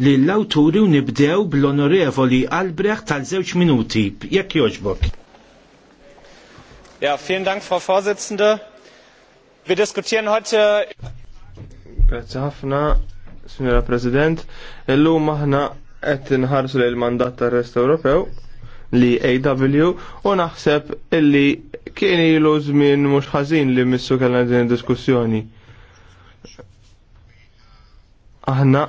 li l-awturi u nibdew bl-onorevoli Albrecht tal żewġ minuti. Jekk joġbok. Ja, vielen Dank, Frau Vorsitzende. Wir diskutieren heute. Grazie ħafna, Signora President. Illum aħna qed nħarsu lejn mandat tar-Rest Ewropew li AW u naħseb illi kien ilu żmien mhux ħażin li missu kellna din id-diskussjoni. Aħna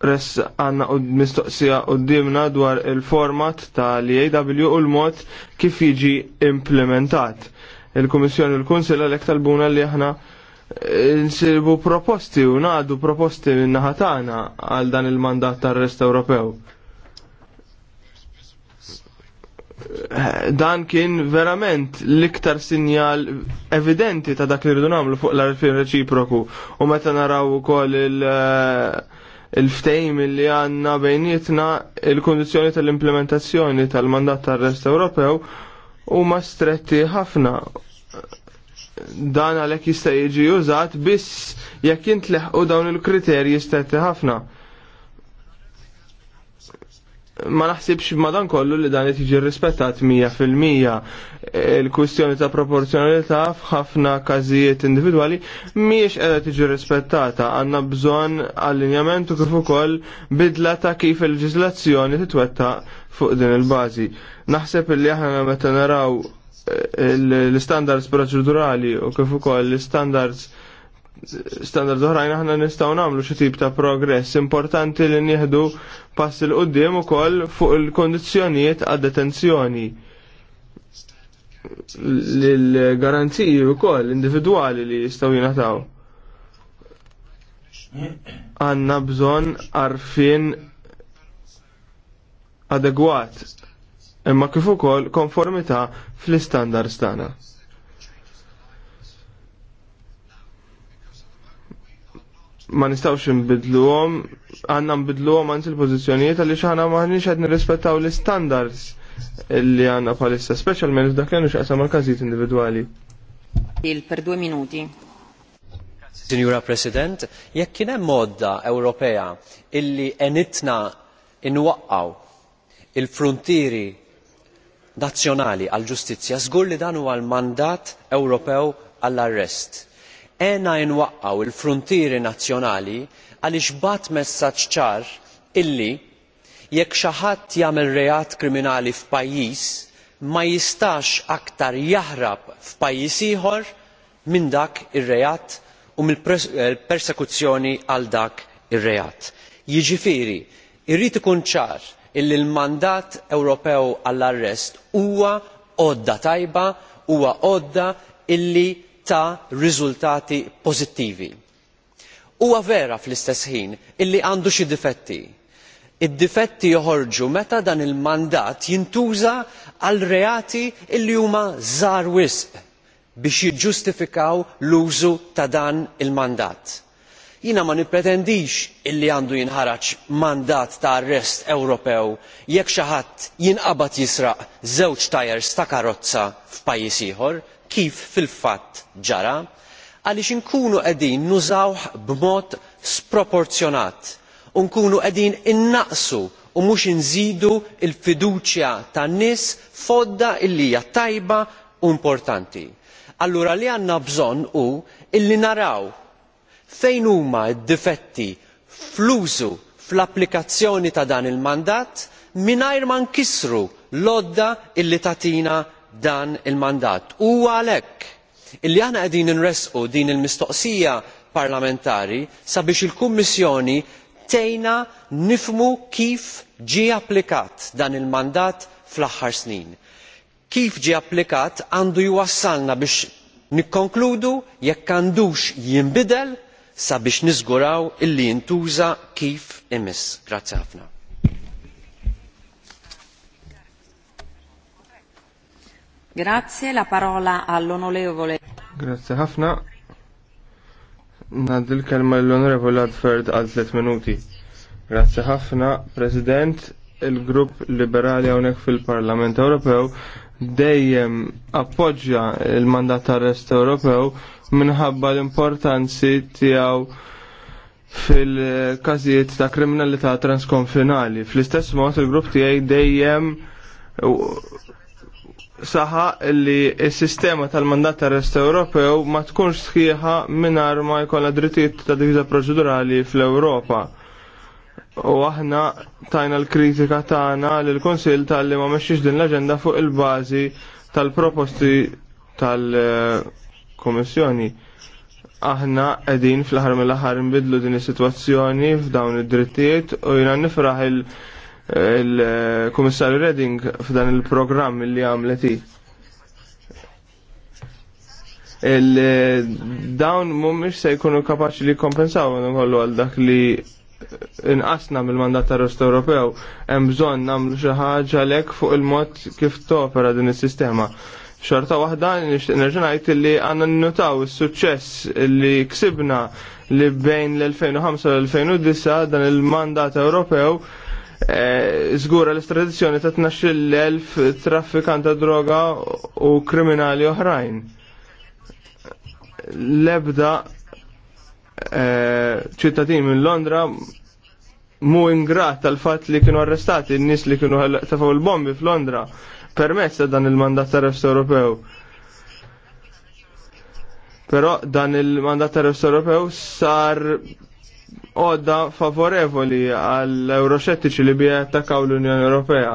res għanna u mistoqsija u dimna dwar il-format tal-EAW u l-mod kif jiġi implementat. Il-Komissjoni u l-Kunsel għalek talbuna li aħna eh, nsibu proposti u naħdu proposti minnaħatana għal dan il-mandat tal-rest Ewropew. Eh, dan kien verament l-iktar sinjal evidenti ta' dak li rridu namlu fuq l-arfin reċiproku u meta naraw ukoll il- uh, il-ftejm li għanna bejnietna il-kondizjoni tal-implementazzjoni tal-mandat tal-Rest Ewropew u ma stretti ħafna dan għalek jista' jiġi użat biss jekk jintleħqu dawn il-kriterji stretti ħafna ma naħsibx madan kollu li dan tiġi rispettat 100% il-kwistjoni ta' proporzjonalità f'ħafna każijiet individwali mhijiex qiegħda tiġi rispettata għandna bżonn allinjamentu kif ukoll bidla ta' kif il-leġiżlazzjoni titwetta fuq din il-bażi. Naħseb li aħna meta naraw eh, l-standards proċedurali u kif ukoll l-standards standard oħrajn aħna nistgħu nagħmlu xi tip ta' progress importanti li nieħdu pass il qudiem ukoll fuq il-kondizzjonijiet għad detenzjoni l-garanziji wkoll individwali li jistgħu jingħataw. Għandna bżonn arfin adegwat imma kif ukoll konformità fl-istandards tagħna. ma nistawx nbidluhom, għandna nbidluhom għand l pożizzjonijiet għaliex aħna maħniex qed nirrispettaw l-istandards li għandna bħalissa, speċjalment f'dak li għandu x'qasam għal-każijiet individwali. Il per due minuti. Signora President, jekk kien hemm modda Ewropea illi enitna inwaqqaw il-frontieri nazzjonali għall ġustizzja żgur li dan huwa l-mandat Ewropew għall-arrest għena jinwaqqaw il fruntieri nazzjonali għaliex bat messaġġ ċar illi jekk xi ħadd jagħmel reat kriminali f'pajjiż ma jistax aktar jaħrab f'pajjiż ieħor minn dak ir-reat u mill-persekuzzjoni eh, għal dak ir-reat. Jiġifieri jrid ikun ċar illi l-mandat Ewropew għall arrest huwa għodda tajba huwa għodda illi ta' riżultati pożittivi. Huwa vera fl-istess ħin illi għandu xi difetti. Id-difetti joħorġu meta dan il-mandat jintuża għal reati illi huma żgħar wisq biex jiġġustifikaw l-użu ta' dan il-mandat. Jiena ma nippretendix illi għandu jinħaraċ mandat ta' arrest Ewropew jekk xi ħadd jinqabad jisraq żewġ tajers ta' karozza f'pajjiż ieħor, kif fil fatt ġara għaliex inkunu qegħdin nużawh b'mod sproporzjonat u nkunu qegħdin innaqsu u mhux inżidu l fiduċja tan-nies f'għodda li hija tajba u importanti. Allura li għandna bżonn hu illi naraw fejn huma d-difetti fl-użu fl-applikazzjoni ta' dan il-mandat mingħajr ma nkissru l-għodda illi tagħtina dan il-mandat. U għalhekk illi aħna qegħdin inresqu din il-mistoqsija parlamentari sabiex il-Kummissjoni tgħinna nifhmu kif ġie applikat dan il-mandat fl-aħħar snin. Kif ġie applikat għandu jwassalna biex nikkonkludu jekk għandux jinbidel sabiex niżguraw illi jintuża kif imiss. Grazzi ħafna. Grazie, la parola all'onorevole. Grazie ħafna. Nadil kelma l-onorevole Adferd għal 3 minuti. Grazie ħafna, President, il-grupp liberali hawnhekk fil-Parlament Ewropew dejjem appoġġja il-mandat arrest Ewropew minħabba l-importanzi tiegħu fil-każijiet ta' kriminalità transkonfinali. Fl-istess mod il-grupp tiegħi dejjem saħa li s-sistema tal-mandat tal-Rest Ewropew ma tkunx sħiħa minar ma jkollha drittijiet ta' diviża proċedurali fl-Ewropa. U aħna tajna l-kritika tagħna l konsil tal-li ma mexxix din l-aġenda fuq il-bażi tal-proposti tal-Komissjoni. Aħna qegħdin fl-aħħar mill-aħħar nbidlu din is-sitwazzjoni f'dawn id-drittijiet u jiena nifraħ il- il-Kummissarju Redding f'dan il-programm li għamlet il-dawn eh, mumiex se jkunu kapaċi li kompensaw kollu għal dak li inqasna mill-mandat tar rost Ewropew hemm bżonn nagħmlu xi ħaġa lek fuq il-mod kif topera din is-sistema. Xorta waħda nixtieq nerġa' ngħid li għandna nnutaw is-suċċess li ksibna li bejn l-2005 u l-2009 dan il-mandat Ewropew Eh, zgura l-estradizzjoni ta' l-elf traffikant ta' droga u kriminali oħrajn. Lebda eh, ċittadin minn Londra mu ingrat tal-fat li kienu arrestati n-nis li kienu tafaw il-bombi f'Londra permezz ta' dan il-mandat tar-refs Ewropew. Però dan il-mandat ta' refs Ewropew sar għodda favorevoli għall-euroxettiċi li bie attakaw l-Unjoni Ewropea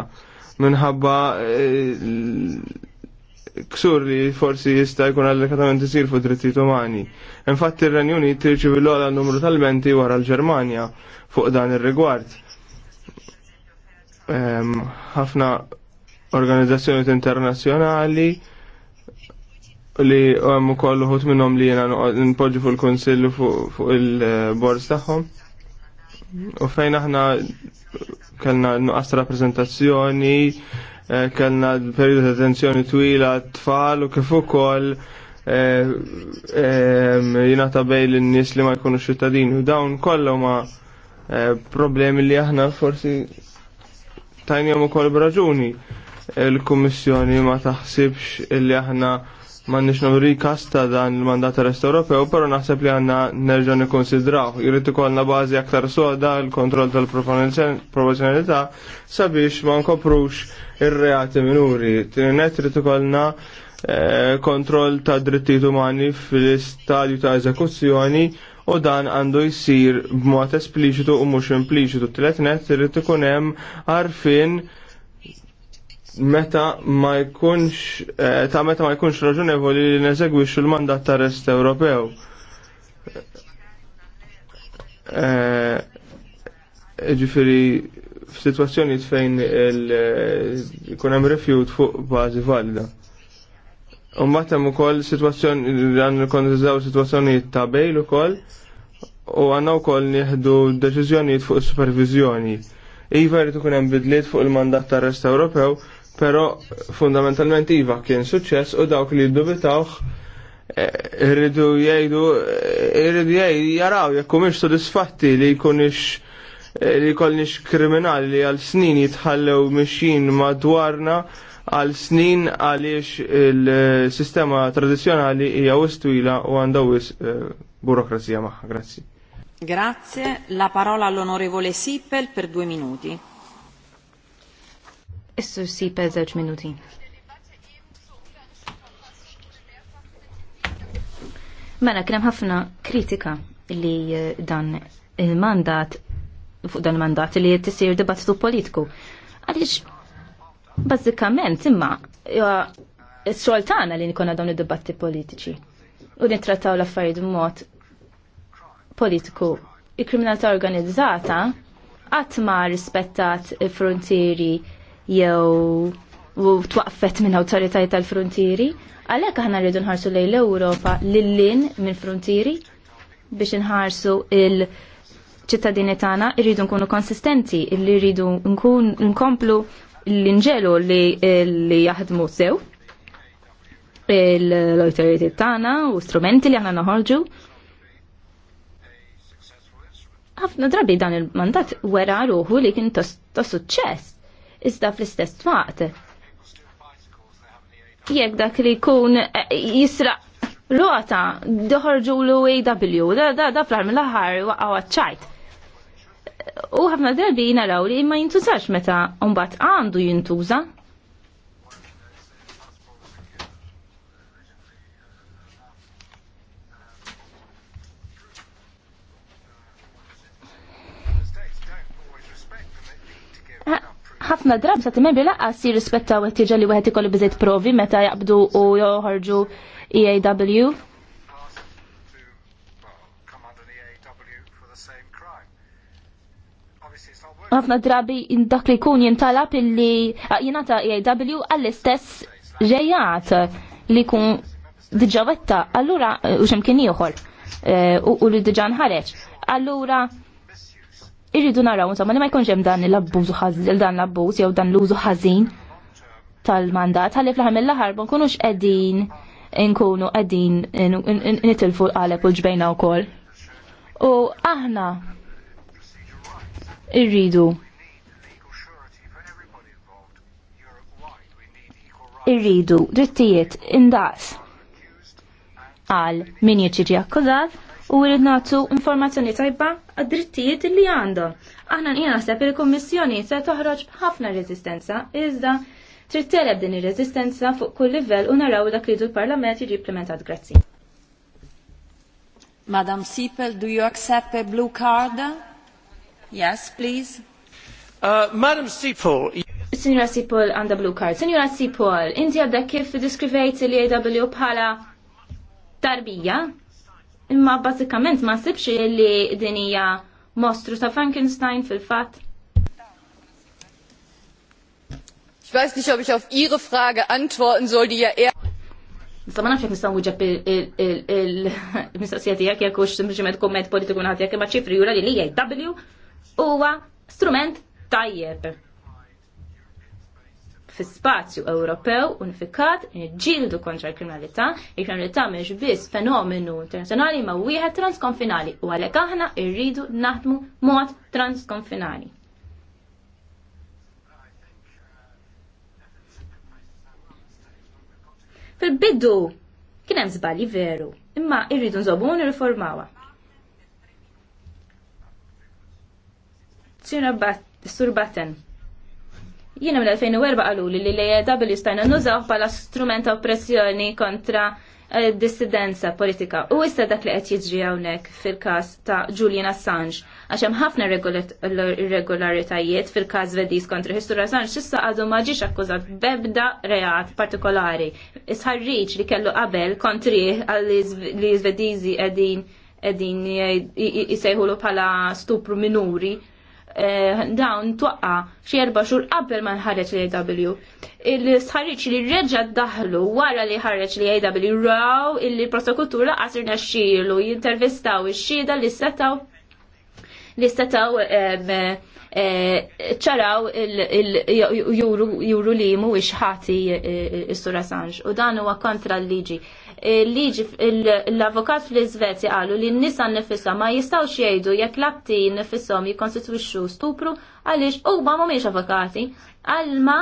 minħabba eh, ksur li forsi jista' jkun allegatament isir fuq drittijiet umani. Infatti ir-Renju Unit irċivi l-ogħla numru tal-menti wara l-Ġermanja fuq dan ir-rigward. Ħafna organizzazzjonijiet internazzjonali li għam um, kollu ħut minnom li jena npoġġu fuq il konsillu fuq il bords tagħhom. U fejn aħna kellna nuqqas rappresentazzjoni, eh, kellna periodu ta' tensjoni twila tfal u kif ukoll eh, jina ta' bej l-nies li ma jkunu xittadini u dawn kollu ma eh, problemi li aħna forsi tajnijom u koll braġuni il-Kommissjoni ma taħsibx li aħna ma nix nuri kasta dan il-mandat rest Ewropew, pero naħseb li għanna nerġa' nikkonsidraw. Irrid ikollna bażi aktar soda l-kontroll tal-proporzjonalità sabiex ma nkoprux ir-reati minuri. Tinnet irid ikollna eh, kontroll ta' drittijiet umani fil-istadju ta' eżekuzzjoni u dan għandu jsir b'mod espliċitu u mhux impliċitu. Tlet net irid ikun hemm għarfien meta ma jkunx eh, ta' meta ma jkunx raġunevoli li neżegwix il-mandat ta' rest Ewropew. Eh, ġifiri, f'sitwazzjoni fejn jkun eh, hemm refjut fuq bażi valida. U matem hemm ukoll sitwazzjoni għan nikkonsidraw sitwazzjonijiet ta' bejl ukoll u għandna wkoll nieħdu deċiżjonijiet fuq is-supervizjoni. Iva jritu ikun hemm bidliet fuq il-mandat tar-Rest Ewropew pero fundamentalment iva kien suċċess u dawk li dubitawx eh, irridu jgħidu eh, irridu jgħidu jaraw jekk mhux sodisfatti li jkunix eh, li kollniex kriminali li għal snin jitħallew mixin madwarna għal snin għaliex il-sistema tradizjonali hija wistwila u għandawis burokrazija maħħa. Grazzi. Grazie. La parola all'onorevole Sippel per due minuti. Issu sipe żewġ minuti. Mela kien hemm ħafna kritika li eh, dan il-mandat fuq dan il-mandat li tisir dibattitu politiku. Għaliex bażikament imma s-xogħol tagħna li nkun dawn id-dibatti politiċi u nittrattaw l-affarijiet b'mod politiku. Il-kriminalità organizzata qatt ma rispettat il-frontieri jew u twaqfet minn awtoritajiet tal-frontieri, għalhekk aħna rridu nħarsu lejn l-Ewropa lil-lin minn frontieri biex nħarsu il- ċittadini tagħna rridu nkunu konsistenti, li rridu nkun nkomplu l-inġelu li jaħdmu sew l-autoritet tagħna u strumenti li aħna noħorġu. Ħafna drabi dan il-mandat wera ruħu li kien ta' suċċess iżda fl-istess waqt. Jek dak li jkun eh, jisraq rota doħorġu l-UAW, da da fl armi l-ħar waqgħu ċajt. U ħafna darbi naraw li ma jintużax meta mbagħad għandu jintuża ħafna drab sa timmen bil si jirrispettaw it-tiġa li wieħed ikollu biżejt provi meta jaqbdu u joħorġu EAW. ħafna drabi dak li jkun jintalab illi jinata EAW għall-istess ġejjat li jkun diġa wetta allura u x'imkien ieħor eh, u li diġa nħareġ. Allura irridu naraw insomma li ma jkunx hemm dan l-abbuż dan l-abbuż jew dan l-użu ħażin tal-mandat ħalli fl-ħar l aħħar ma nkunux qegħdin nkunu qegħdin nitilfu qalep u ġbejna wkoll. U aħna irridu irridu drittijiet indaqs għal min jiġi akkużat u rrid nagħtu informazzjoni tajba għad-drittijiet li għandhom. Aħna nqina naħseb il-Kummissjoni se toħroġ b'ħafna reżistenza iżda trid teleb din ir-reżistenza fuq kull livell u naraw dak li l-Parlament jiġi implementat. Grazzi. Madam Sipel, do you accept a blue card? Yes, please. Uh, Madam Sipel, Signora Sipol the blue card. Signora Sipol, inti għadda kif diskrivejt li AW bħala tarbija? Imma basikament ma sibx li dinija mostru ta' Frankenstein fil-fat. Ich weiß nicht, ob ich auf Ihre Frage antworten soll, die ja eher... Nista ma nafxek nistan uġab il-mistoqsija tijak jek ux sempliciment komment politiku naħat jek ma ċifri jura li li jgħaj W huwa strument tajjeb fi spazju Ewropew unifikat niġġieldu kontra l-kriminalità. Il-kriminalità mhix biss fenomenu internazzjonali ma wieħed transkonfinali u għalhekk aħna rridu naħdmu mod transkonfinali. Fil-bidu kien hemm żbalji veru, imma rridu nżobu u nirriformawha. Sura Sur Batten, Jiena mill-2004 għalu li l-EW stajna nużaw bħala strument ta' oppressjoni kontra eh, dissidenza politika. U issa dak li qed jiġri hawnhekk fil-każ ta' Julian Assange għax hemm ħafna irregolaritajiet fil-każ Vedis kontra Histur Assange issa għadu ma ġiex akkużat bebda reat partikolari. Isħarriġ li kellu qabel kontri li Svedizi qegħdin qegħdin jisejħulu bħala stupru minuri Eh, dawn twaqqa xi erba' xhur qabel ma nħareġ l AW. Il-sħarriġ li reġa' ddaħlu wara li ħareġ li AW raw illi prosekutur laqas irnexxielu jintervistaw ix-xhieda li setaw li setaw eh, ċaraw juru li mu ixħati eh, s-sur Assange u dan huwa kontra l-liġi liġi l-avokat fl izvezja qalu li n-nisa nifissa ma jistaw jgħidu jekk l abti nifisom jikonstituwixxu stupru għaliex ma mhumiex avokati għalma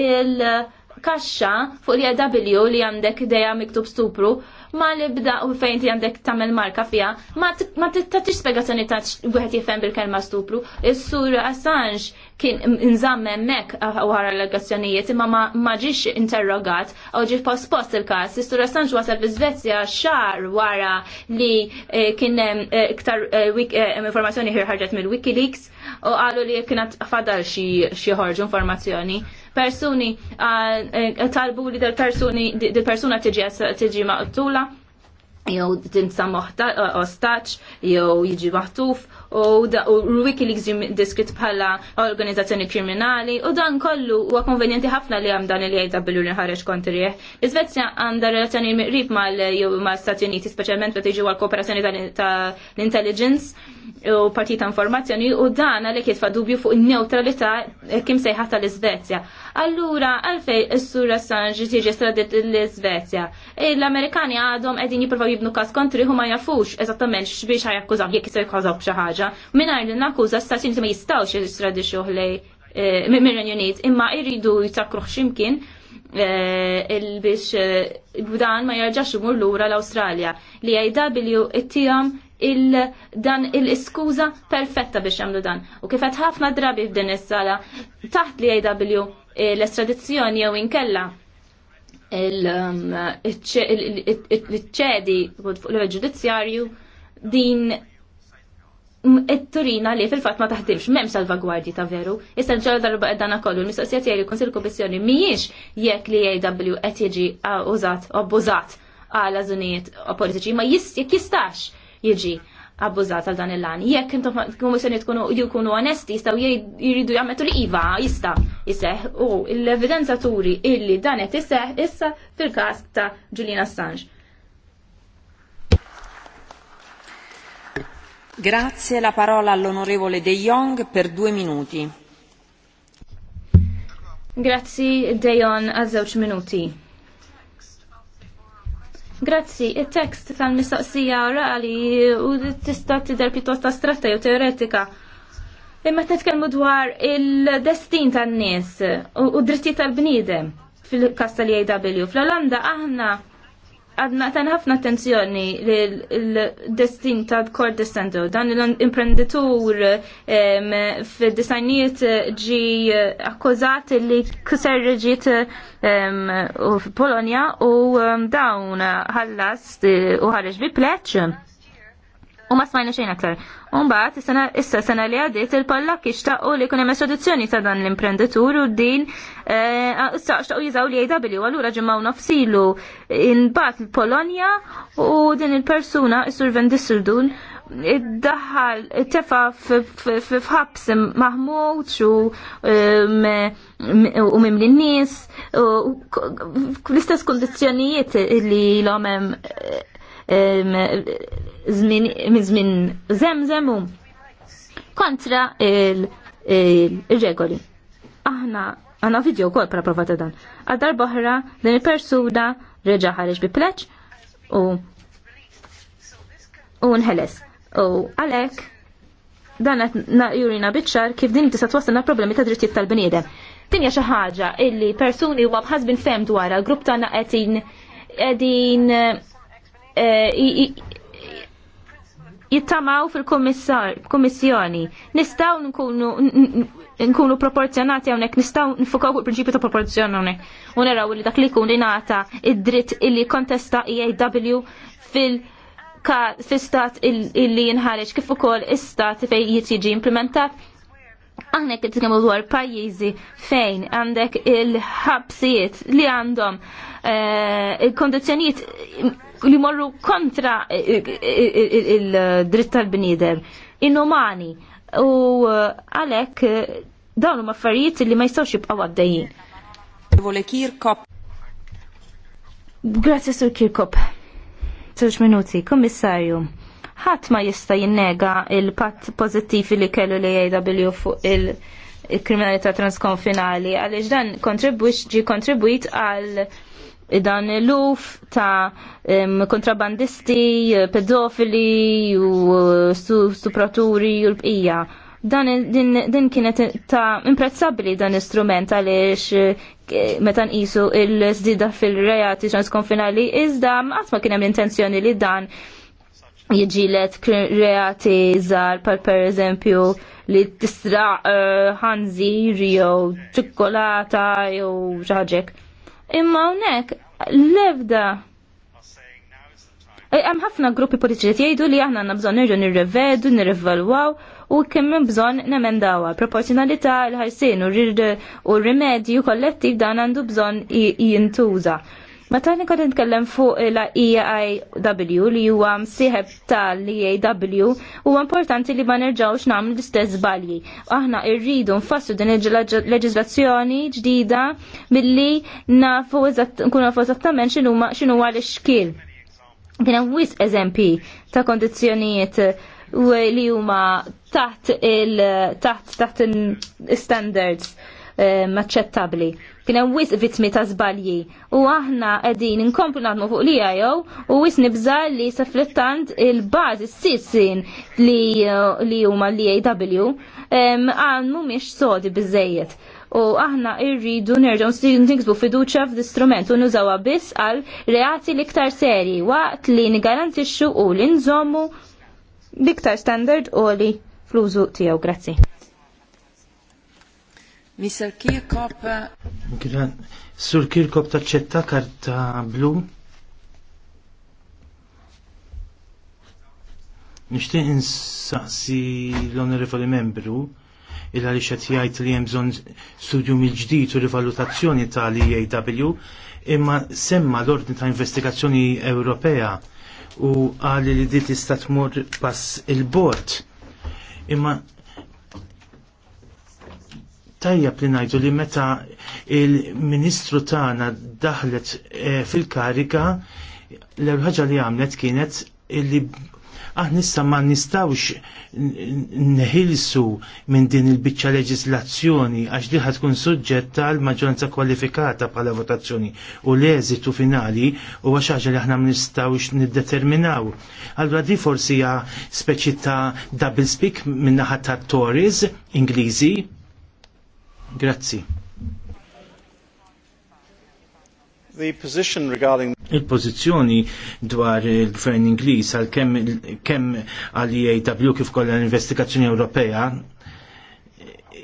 il-kaxxa fuq l-EW li għandek ideja miktub stupru ma li bda u fejn ti għandek tamel marka fija, ma t-tatix spiegazzjoni ta' wieħed jifem bil-kelma stupru. Is-sur Assange kien nżamme mek għara allegazzjonijiet imma ma ġiex interrogat u ġi post il-kas. Is-sur Assange wasal fi Svezja xar wara li eh, kien eh, iktar eh, informazzjoni ħirħarġet mill-Wikileaks u qalu li kienet fadal xi informazzjoni persuni e, e, talbu li dal-persuni dil-persuna tiġi tiġi maqtula jew tinsa ostaċ jew jiġi maħtuf u Wikileaks diskrit bħala organizzazzjoni kriminali u dan kollu huwa konvenjenti ħafna li hemm dan li billu e li ħareġ kontrih. Iżvezja għandha relazzjoni miqrib mal-Stati Uniti, speċjalment meta tiġi għal kooperazzjoni ta' l-intelligence u partita informazzjoni u dan għalhekk jitfa' dubju fuq in-neutralità kim sejħa tal-Iżvezja. Allura, għalfej s-sura Assange tiġi stradit l-Svezja. Eh, L-Amerikani għadhom qegħdin jiprofaw jibnu kas kontri huma jafux eżattament x'biex ħajjakkużaw jekk jisir jkużaw xi ħaġa. l li s stati ma jistgħux jistradixxuh lej eh, mir-Renju Unit, imma jridu jtakruh x'imkien eh, biex b'dan ma jarġax imur lura l-Awstralja li it-tijam il-dan il-iskuza perfetta biex jagħmlu dan. U kif qed ħafna drabi f'din is-sala taħt li IW l-estradizzjoni jew inkella il-ċedi um, fuq l ġudizzjarju din it-turina li fil-fat ma taħdimx, mem salvagwardji ta' veru, issa ġara darba għedana kollu, l-mistoqsija tiegħi konsil kummissjoni mhijiex jekk li AW qed jiġi użat, obbużat għal ażunijiet politiċi, ma jekk jistax jiġi abbużata dan il-lan. Jekk intom kummissjoni tkunu jkunu onesti jistaw jiridu jammetu li iva jista' jiseħ, u l-evidenza turi illi dan qed iseħ issa fil kas ta' Julian Assange. Grazie, la parola all'onorevole De Jong per due minuti. Grazie, De Jong, a zewċ minuti. Grazzi, il-tekst tal-mistoqsija orali u tista' tidher pjuttost astratta jew teoretika. Imma titkellmu dwar il-destin tan-nies u d-dritti tal-bniedem fil-kas tal-JW. Fl-Olanda aħna għadna tan ħafna attenzjoni l-destin ta' Kord Descendo. Dan l-imprenditur f disajniet ġi akkużat li kuser reġiet u Polonia u dawn ħallas u ħareġ bi pleċ U ma smajna xejn aktar. Umbat, issa sena li għadiet il-pallak ixtaqqu li kunem estradizzjoni ta' dan l-imprenditur u din eh, issa xtaqqu jizaw li AW għallura ġemmaw nafsilu inbat il-Polonja u din il-persuna, s sur Vendissurdun, id-daħal tefa f'ħabs maħmut eh, u u mim l-nis u l-istess kondizjonijiet li l-omem żmien zemżemu kontra il-regoli. Aħna għana video kol pra provata dan. Għaddar boħra din il-persuna reġa ħareġ bi pleċ u u nħeles. U għalek dan na jurina bitxar kif din tista' twasna problemi ta' drittijiet tal-bniedem. Tinja xi ħaġa illi persuni huma bħasbin fem dwarha grupp tagħna qegħdin qegħdin Eh, jittamaw fil-kommissjoni. Nistaw nkunu proporzjonati għonek, nistaw nfukaw fuq il-prinċipju ta' proporzjoni U naraw li dak li kun rinata id-dritt illi kontesta EAW fil- ka fil-stat illi jinħareġ kif ukoll is-stat fej jitiġi implementat Għanek t-tkemmu dwar pajjiżi fejn għandek il-ħabsijiet li għandhom eh, il kondizjoniet li morru kontra il-dritt tal-bniedem, inumani u eh, għalek eh, dawn huma affarijiet li ma jistgħux jibqgħu għaddejjin. Grazie Sur Kirkop. Zewġ minuti, Kommissarju ħadd ma jista' jinnega il-patt pożittivi li kellu li jgħidabilju e fuq il- kriminalità transkonfinali għaliex dan kontribwix ġi kontribwit għal dan l-luf ta' kontrabandisti, pedofili u supraturi, u l-bqija. Dan din, din kienet ta' imprezzabili dan istrument għaliex meta nqisu il zdida fil-rejati transkonfinali iżda izda ma kien hemm l-intenzjoni li dan jiġilet reati żgħar pal pereżempju li tisraq eh, ħanżir jew ċikkolata jew xi imma hawnhekk l-ebda e, Hemm ħafna gruppi politiċi jgħidu li aħna għandna bżonn nirġu nirrevedu, nirrivalwaw u kemm bżonn nemendawha. Proporzjonalità l-ħarsien u r-rimedju kollettiv dan għandu bżonn jintuża. Meta nikon nitkellem fuq la eiw li huwa msieħeb tal-EAW huwa importanti li ma nerġgħux nagħmlu l-istess żbalji. Aħna rridu nfassu din il-leġiżlazzjoni ġdida milli nafu nkunu nafu eżattament x'inhu huwa l-ixkil. Kien hemm wisq eżempji ta' kondizzjonijiet li huma taħt il taħt taħt standards maċċettabli. Um, Kien hemm wisq vittmi ta' żbalji u aħna qegħdin inkomplu naħdmu fuq li jew u wis nibżar li seflettant il-bażi s-sissin li uh, huma l AW um, għan mhumiex sodi biżejjed u aħna irridu nerġgħu niksbu fiduċja f'istrument u nużawha biss għal reati l-iktar serji waqt li nigarantixxu u li nżommu l-iktar standard u li fl-użu tiegħu. Grazzi. Mr. Kirkop. Uh, Gran. Sur Kirkop taċċetta karta blu. Nishti insaqsi l-onorevoli membru illa għaliex qed jgħid li hemm bżonn studju mill-ġdid u rivalutazzjoni tal-EAW imma semma l-ordni ta' investigazzjoni Ewropea u għali li di tista' tmur pass il-bord imma Tajja li najdu li meta il-ministru tagħna daħlet eh, fil-karika l ħagġa li għamlet kienet illi nista ma nistawx nħilsu minn din il-bicċa leġislazzjoni għax diħa tkun suġġetta għal maġġoranza kwalifikata bħala votazzjoni u l-eżitu finali u għax ħaġa li aħna ma nistawx niddeterminaw. Allura di forsi hija speċi ta' double speak minn naħa ta' Tories Ingliżi Grazzi. The position regarding il-pozizjoni dwar il-gvern Ingliż għal kemm għal EAW kif kollha l-investigazzjoni Ewropea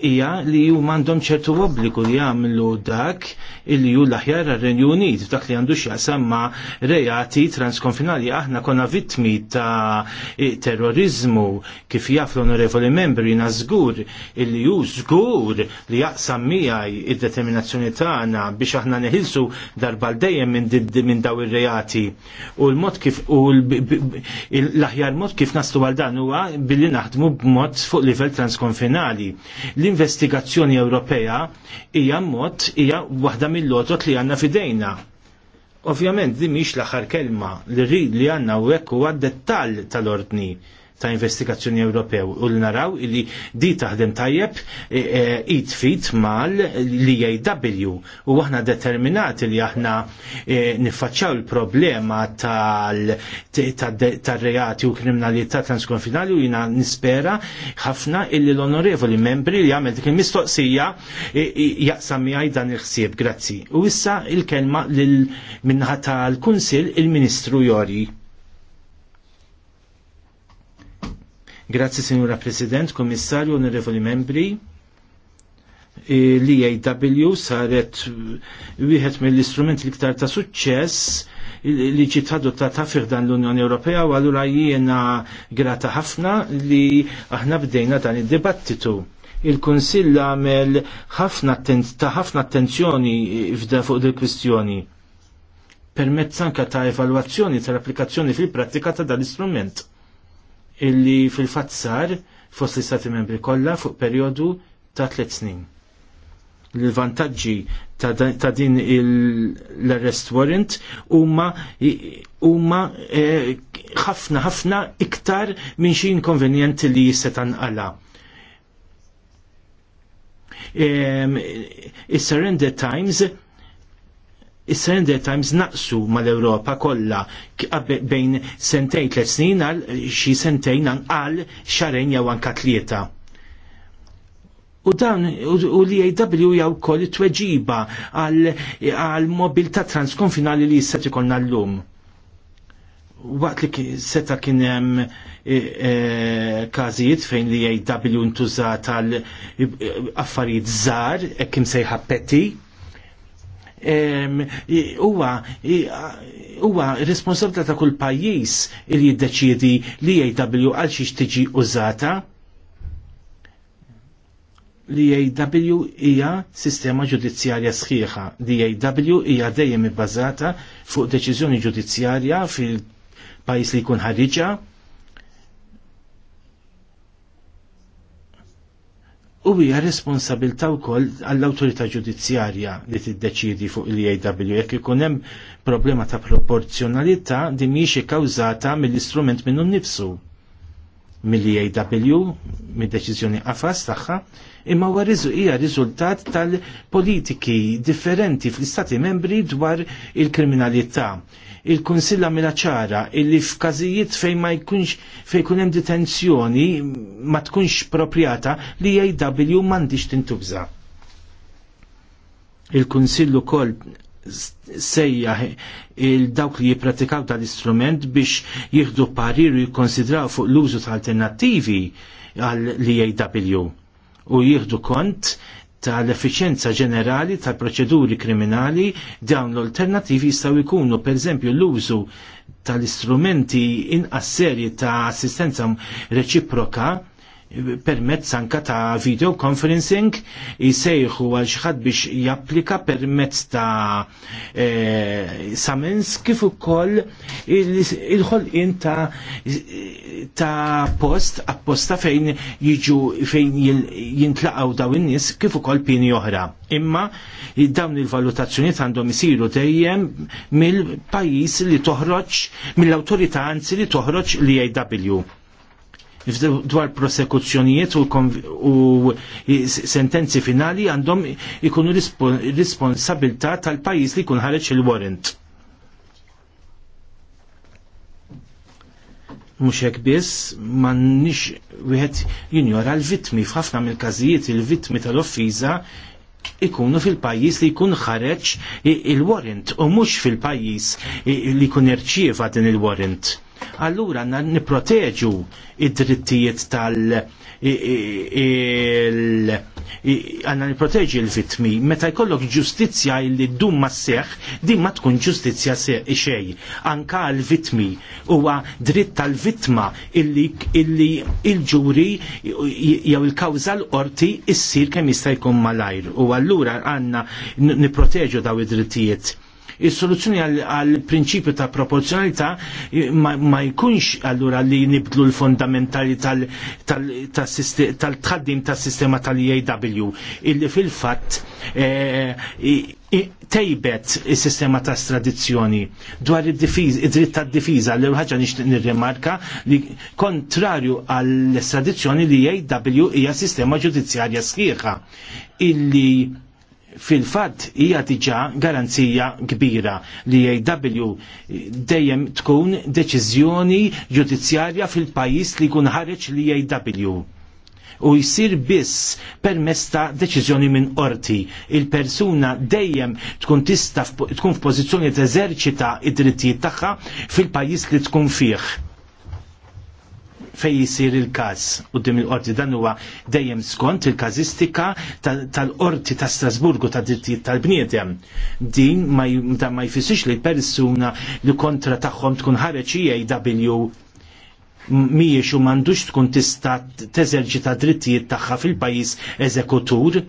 hija li ju mandom ċertu obbligu li jagħmlu dak illi ju l-aħjar għar-Renju Unit dak li għandu x'jaqsam ma' reati transkonfinali aħna konna vittmi ta' terrorizmu kif jaf l-onorevoli membri jina żgur illi ju żgur li jaqsam miegħi id-determinazzjoni tagħna biex aħna neħilsu darba dejjem minn daw ir-reati u l-mod kif u l-aħjar mod kif naslu għal dan huwa billi naħdmu b'mod fuq livell transkonfinali li l-investigazzjoni Ewropea hija mod hija waħda mill-lotot li għandna fidejna. Ovvjament di mhix l-aħħar kelma li rrid li għandna u hekk huwa dettall tal-ordni. tal ordni ta' investigazzjoni Ewropew u l naraw li di taħdem tajjeb e, e, id fit mal li jgħidabilju u aħna determinati li aħna e, nifacċaw il-problema tal-reati u kriminalità transkonfinali u jina nispera ħafna illi l-onorevoli membri li għamil dik il-mistoqsija jaqsam jgħaj dan il-ħsieb, grazzi. U issa il-kelma minnaħat tal-Kunsil il-Ministru Jori. Grazzi, Signora President, Komissarju, Onorevoli Membri l-EAW saret wieħed mill-istrumenti l-iktar ta' suċċess li ġiet adottata fih dan l-Unjoni Ewropea u allura jiena grata ħafna li aħna bdejna dan id-dibattitu. Il-Kunsill għamel ħafna ta' ħafna attenzjoni f'da fuq dil-kwistjoni permezz anka ta' evalwazzjoni tal-applikazzjoni fil-prattika ta' dan l-istrument illi fil-fatt sar fost l-istati membri kollha fuq perjodu ta' tliet snin. L-vantaġġi ta' din l-arrest warrant huma huma e, ħafna ħafna iktar minn xi inkonvenjenti li jista' tanqala. Is-surrender times is sender Times naqsu mal-Ewropa kollha bejn sentejn tliet snin għal xi sentejn għal xarejn jew anka tlieta. U dan u li AW jew kol tweġiba għal mobilta transkonfinali li jista' ikolna llum. Waqt li seta kien hemm e, e, każijiet fejn li AW ntuża tal e, affarijiet żgħar hekk sejħa petti, huwa huwa responsabilità ta' kull pajjiż li jiddeċiedi li AW għal xiex tiġi użata li AW hija sistema ġudizzjarja sħiħa. Li AW hija dejjem ibbażata fuq deċiżjoni ġudizzjarja fil-pajjiż li jkun ħariġa u hija responsabilta wkoll għall-awtorità ġudizzjarja li tiddeċiedi fuq il jw jekk ikun hemm problema ta' proporzjonalità di mhijiex ikkawżata mill-istrument minnu nnifsu mill jw mid-deċiżjoni qafas tagħha, imma huwa hija riżultat tal-politiki differenti fl-Istati membri dwar il-kriminalità il-Kunsilla mela ċara illi f'każijiet fejn ma jkunx fejn jkun hemm detenzjoni ma tkunx propjata li AW m'għandix tintubża. Il-Kunsill ukoll sejja il-dawk li jippratikaw tal istrument biex jieħdu parir u jikkonsidraw fuq l-użu ta' alternattivi għal l u jieħdu kont tal-efficienza ġenerali tal-proċeduri kriminali dawn l-alternativi jistgħu jkunu pereżempju l-użu tal-istrumenti inqas serji ta' assistenza reċiproka permezz anka ta' video conferencing jsejħu għal xħad biex japplika permezz ta' e, eh, samens kif ukoll il-ħolqien il ta' ta' post apposta fejn jiġu fejn jintlaqgħu daw in-nies kif ukoll pini oħra. Imma dawn il-valutazzjonijiet għandhom isiru dejjem mill-pajjiż li toħroġ mill-awtorità anzi li toħroġ li AW dwar prosekuzzjonijiet u sentenzi finali għandhom ikunu responsabilità tal-pajis li kun ħareġ il-warrant. Mhux hekk biss m'għandniex wieħed jinjora l-vittmi f'ħafna mill-każijiet il-vittmi tal-offiża ikunu fil-pajis li jkun ħareġ il-warrant u mhux fil-pajis li jkun irċieva din il-warrant allura niproteġu id-drittijiet tal- għanna niproteġi l-vitmi. Meta jkollok ġustizja li d-dum ma seħ, din ma tkun ġustizja xej. Anka l-vitmi huwa dritt tal-vitma illi il-ġuri jew il-kawza l-qorti issir kemm jista' jkun malajr. U allura għanna niproteġu daw id-drittijiet Is-soluzzjoni għall-prinċipju ta' proporzjonalità ma jkunx allura li nibdlu l-fundamentali tal-tħaddim tas-sistema tal-EAW illi fil-fatt eh, tejbet is-sistema ta' tradizzjoni dwar id-dritt ta' difiża l ħaġa nixtieq nirremarka li kontrarju għall tradizzjoni li jgħid e hija sistema ġudizzjarja sħiħa illi fil-fatt hija diġà garanzija kbira li AW dejjem tkun deċiżjoni ġudizzjarja fil-pajjiż li jkun ħareġ li AW u jisir biss permess ta' deċiżjoni minn qorti. Il-persuna dejjem tkun tista' tkun f'pożizzjoni teżerċita id-drittijiet tagħha fil-pajjiż li tkun fih fej jisir il-kas. U dim il-qorti dan huwa dejjem skont il-kazistika tal-qorti ta' Strasburgu ta' drittijiet tal-bniedem. Din ma jfisix li persuna li kontra tagħhom tkun ħareċ EAW miex u mandux tkun tista' teżerġi ta' drittijiet tagħha fil-pajjiż eżekutur.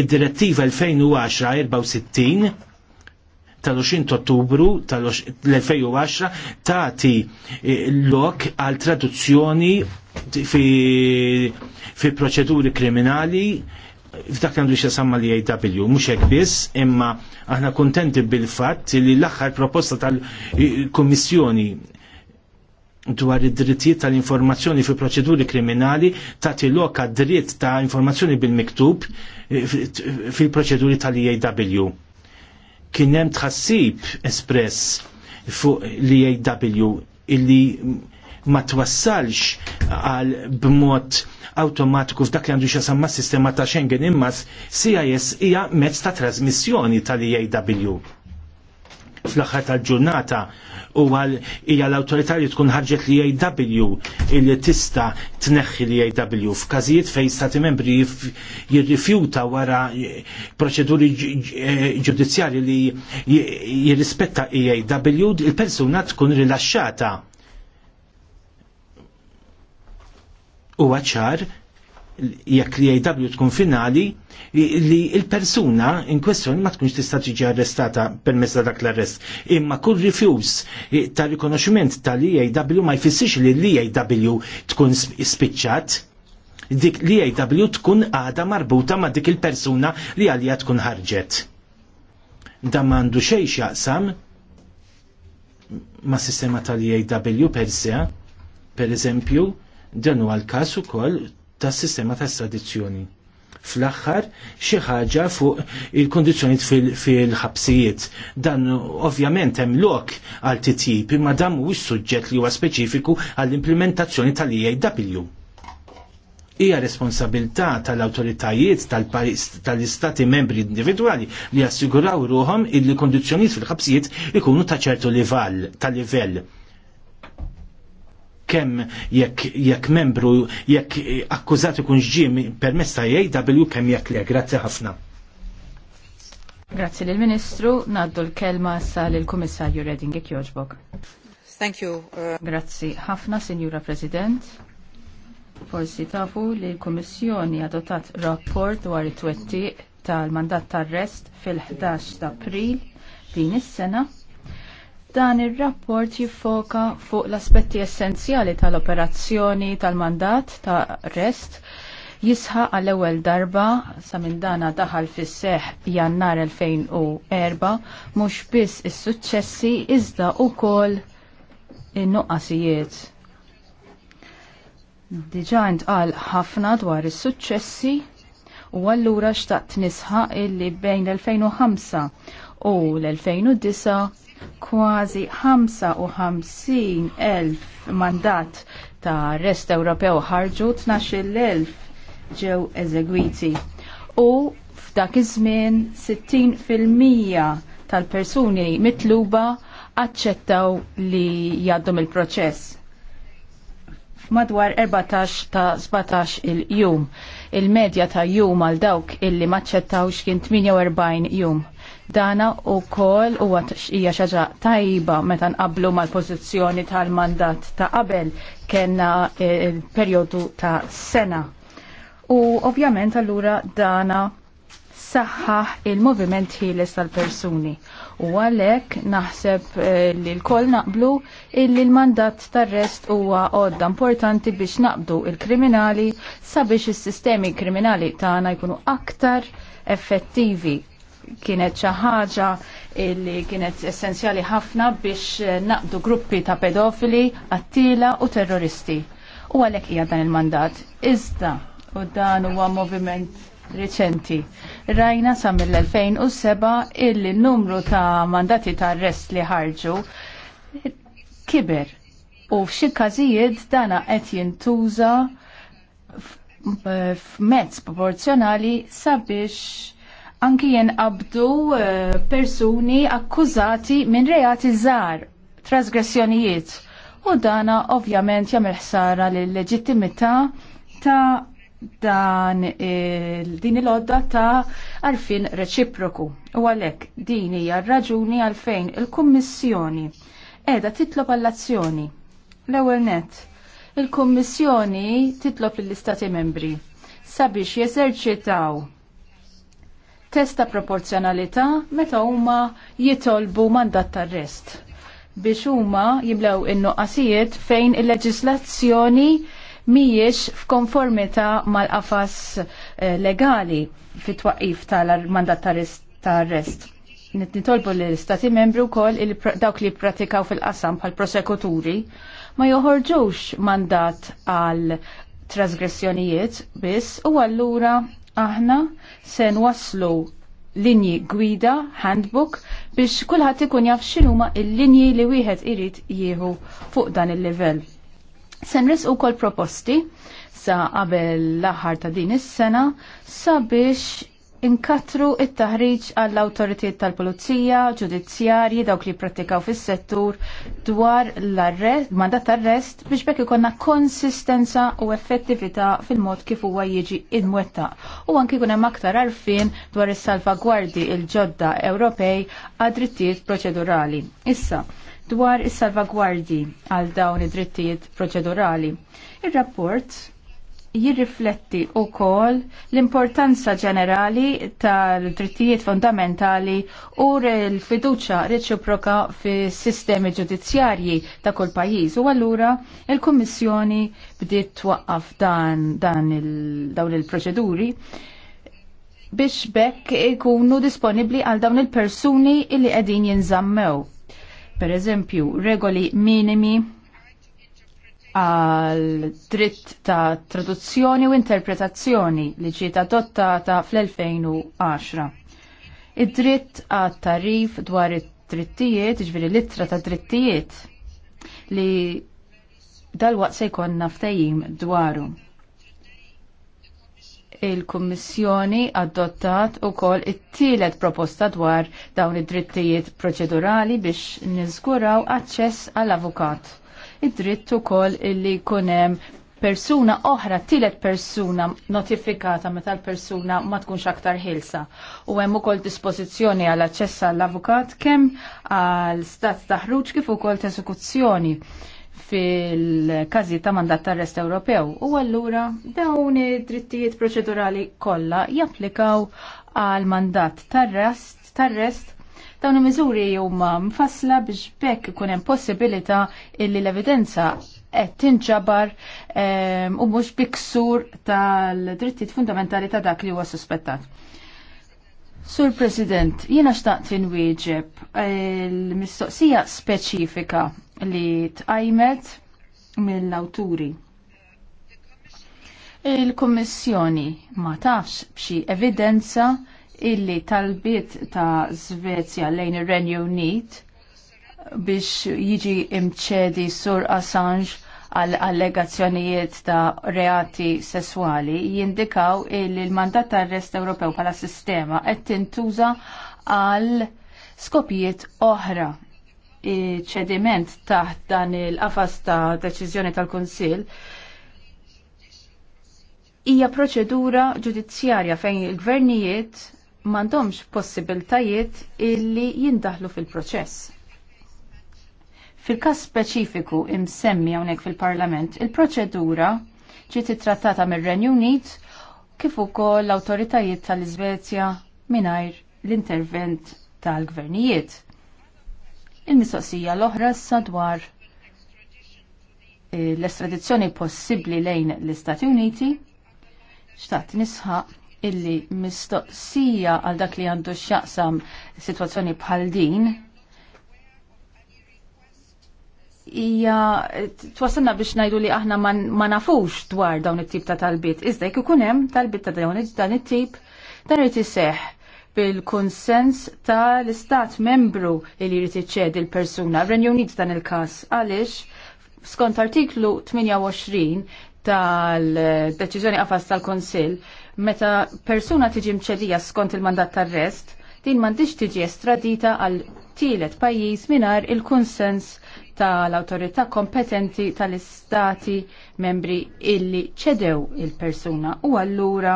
Id-direttiva 2010 64 tal-20 ottubru tal-2010 tagħti eh, lok għal traduzzjoni fi, fi proċeduri kriminali f'dak għandu xasamma li għajtabilju, mux hekk biss, imma aħna kontenti bil-fatt li l-aħħar proposta tal komissjoni dwar id-drittijiet tal-informazzjoni fi proċeduri kriminali tagħti loka dritt ta' informazzjoni bil-miktub eh, fil-proċeduri tal-EAW kien hemm tħassib espress fuq l-EAW illi ma twassalx għal b'mod automatiku f'dak li għandu xasamma sistema ta' Schengen imma CIS hija mezz ta' trasmissjoni tal-EAW fl-aħħar tal-ġurnata u għal hija l-awtorità li tkun ħarġet li AW illi tista' tneħħi li AW f'każijiet fejn stati membri jirrifjuta wara proċeduri ġudizzjarji li jirrispetta EAW il-persuna tkun rilaxxata. U għacċar jekk li AW e tkun finali li il-persuna in kwestjoni ma tkunx tista' tiġi arrestata permezz ta' dak l-arrest. Imma kull rifjuż ta' rikonoxximent tal-EAW ma jfissirx li l-EAW tkun spiċċat dik li AW e tkun għada marbuta ma dik il-persuna li għalija tkun ħarġet. Dan m'għandu xejn x'jaqsam ma' sistema tal-EAW per se, per eżempju, dan huwa l-każ ukoll tas-sistema tas-tradizzjoni fl-axħar xi ħaġa fuq il kundizzjonijiet fil-ħabsijiet. Dan ovvjament hemm lok għal titjib imma dan mhuwiex suġġett li huwa speċifiku għall-implementazzjoni tal-EAW. Hija responsabilità tal-awtoritajiet tal-istati membri individwali li jassiguraw ruhom il-kondizzjonijiet fil-ħabsijiet ikunu ta' ċertu livell kemm jekk jekk membru jekk akkużat ikun ġie permess ta' jgħidu kemm jekk le. Grazzi ħafna. Grazzi lill-Ministru, naddu l-kelma sa lill-Kummissarju Reding jekk jogħġbok. Thank you. Uh, Grazzi ħafna, Sinjura President. Forsi tafu li l-Kummissjoni adottat rapport dwar it twetti tal-mandat tar-rest fil-11 ta' April din is-sena Dan ir-rapport jiffoka fuq l-aspetti essenzjali tal-operazzjoni tal-mandat ta' rest jisħa għall ewwel darba sa minn dana daħal fis seħ jannar 2004 mhux biss is-suċċessi iżda wkoll in-nuqqasijiet. Diġà intqal ħafna dwar is-suċċessi u allura xtaqt nisħaq illi bejn l-2005 u l-2009 kważi 55,000 mandat ta' Rest Ewropew ħarġu 12,000 ġew eżegwiti. U f'dak iż-żmien 60% tal-persuni mitluba aċċettaw li jgħaddu il proċess madwar 14 ta' 17 il-jum. Il-medja ta' jum għal dawk illi maċċettawx kien 48 jum. Dana u kol u hija xaġa tajba meta nqablu mal-pożizzjoni tal-mandat ta' qabel kena eh, il-perjodu ta' sena. U ovvjament allura dana saħħaħ il-moviment ħieles tal-persuni. U għalek naħseb eh, li l-koll naqblu illi l-mandat tar-rest huwa għodda importanti biex naqbdu il-kriminali sabiex is-sistemi kriminali tagħna jkunu aktar effettivi kienet xi ħaġa li kienet essenzjali ħafna biex eh, naqdu gruppi ta' pedofili, attila u terroristi. U għalhekk hija dan il-mandat. Iżda u dan huwa moviment riċenti. Rajna sa mill-2007 illi numru ta' mandati ta' arrest li ħarġu kiber u f'xi każijiet dana qed jintuża f'mezz proporzjonali sabiex anki jenqabdu eh, persuni akkużati minn reati żgħar, trasgressjonijiet. U dana ovvjament jagħmel ħsara lil leġittimità ta' dan eh, din il-odda ta' għalfin reċiproku. U għalek din hija raġuni għalfejn il-Kummissjoni edha titlob għall-azzjoni. L-ewwel net, il-Kummissjoni titlob lill-Istati membri sabiex jeżerċitaw testa proporzjonalità meta huma jitolbu mandat tar-rest biex huma jimlew in-nuqqasijiet fejn il-leġislazzjoni mhijiex f'konformità mal-qafas eh, legali fit-twaqif tal-mandat arrest. rest Nitolbu l-Stati membri wkoll dawk li pratikaw fil-qasam bħal prosekuturi ma joħorġux mandat għal trasgressjonijiet biss u allura aħna se waslu linji gwida, handbook, biex kulħadd ikun jaf xinuma il-linji li wieħed irid jieħu fuq dan il-livell. Senris u kol proposti sa qabel l-aħħar ta' din is-sena sabiex inkatru it-taħriġ għall awtoritiet tal-Pulizija, ġudizzjarji dawk li pratikaw fis-settur dwar l-arrest, mandat arrest biex bekk ikonna konsistenza u effettività fil-mod kif huwa jiġi imwetta. U anki kun hemm aktar arfin dwar is-salvagwardi il-ġodda Ewropej għad-drittijiet proċedurali. Issa, dwar is-salvagwardi għal dawn id-drittijiet proċedurali. Ir-rapport jirrifletti u kol l-importanza ġenerali tal-drittijiet fondamentali u l-fiduċa reċiproka fi sistemi ġudizzjarji ta' kull pajjiż. U allura il-Kummissjoni bdiet twaqqaf dan, dan il dawn il-proċeduri biex bekk ikunu disponibli għal dawn il-persuni illi qegħdin jinżammew. Per eżempju, regoli minimi għal dritt ta' traduzzjoni u interpretazzjoni li ġiet adottata fl-2010. Id-dritt għat tarif dwar id-drittijiet, ġviri l-ittra ta' drittijiet li dal-waqt se jkun naftajim dwaru. Il-Kummissjoni adottat u kol it-tielet proposta dwar dawn id-drittijiet proċedurali biex niżguraw aċċess għall-avukat id-dritt ukoll illi jkun hemm persuna oħra, tielet persuna notifikata meta l-persuna ma tkunx aktar ħilsa. U hemm ukoll dispożizzjoni għal aċċess għall avukat kemm għal stat taħruġ kif ukoll tesekuzzjoni fil-każi ta' mandat tar arrest Ewropew. U allura dawn id-drittijiet proċedurali kollha japplikaw għal mandat tar-rest tar-rest Dawn il-miżuri huma mfassla biex bekk ikun hemm possibilità illi l-evidenza qed tinġabar ehm, u mhux biksur tal-drittijiet fundamentali ta' dak li huwa suspettat. Sur President, jiena xtaqt inwieġeb il-mistoqsija eh, speċifika li tqajmet mill-awturi. Il-Kommissjoni ma tafx b'xi evidenza illi talbiet ta' Svezja lejn ir-Renju Unit biex jiġi imċedi sur Assange għal allegazzjonijiet ta' reati sessuali jindikaw illi l-mandat ta' arrest Ewropew bħala sistema qed tintuża għal skopijiet oħra ċediment taħt dan il-qafas ta' deċiżjoni tal-Kunsill hija proċedura ġudizzjarja fejn il-gvernijiet mandomx possibiltajiet illi jindaħlu fil-proċess. Fil-kas speċifiku imsemmi hawnhekk fil-Parlament, il-proċedura ġiet trattata mir-Renju Unit kif ukoll l-awtoritajiet tal-Iżvezja mingħajr l-intervent tal-gvernijiet. Il-mistoqsija l-oħra issa dwar eh, l-estradizzjoni possibbli lejn l-Istati Uniti xtaqt nisħaq illi mistoqsija għal dak li għandu x'jaqsam situazzjoni bħal din hija twasalna biex ngħidu li aħna ma nafux dwar dawn it-tip ta' talbit, Iżda jekk ikun hemm talbit ta' dawn dan it-tip dan irid iseħħ bil-konsens tal-istat membru li jrid iċċedi l-persuna. Renju Unit dan il-każ għaliex skont artiklu 28 tal-deċiżjoni qafas tal-Konsill Meta persuna tiġi mċedija skont il-mandat tar-rest, din m'għandix tiġi estradita għal tielet pajjiż mingħajr il-kunsens tal-awtorità kompetenti tal-istati membri illi ċedew il-persuna u allura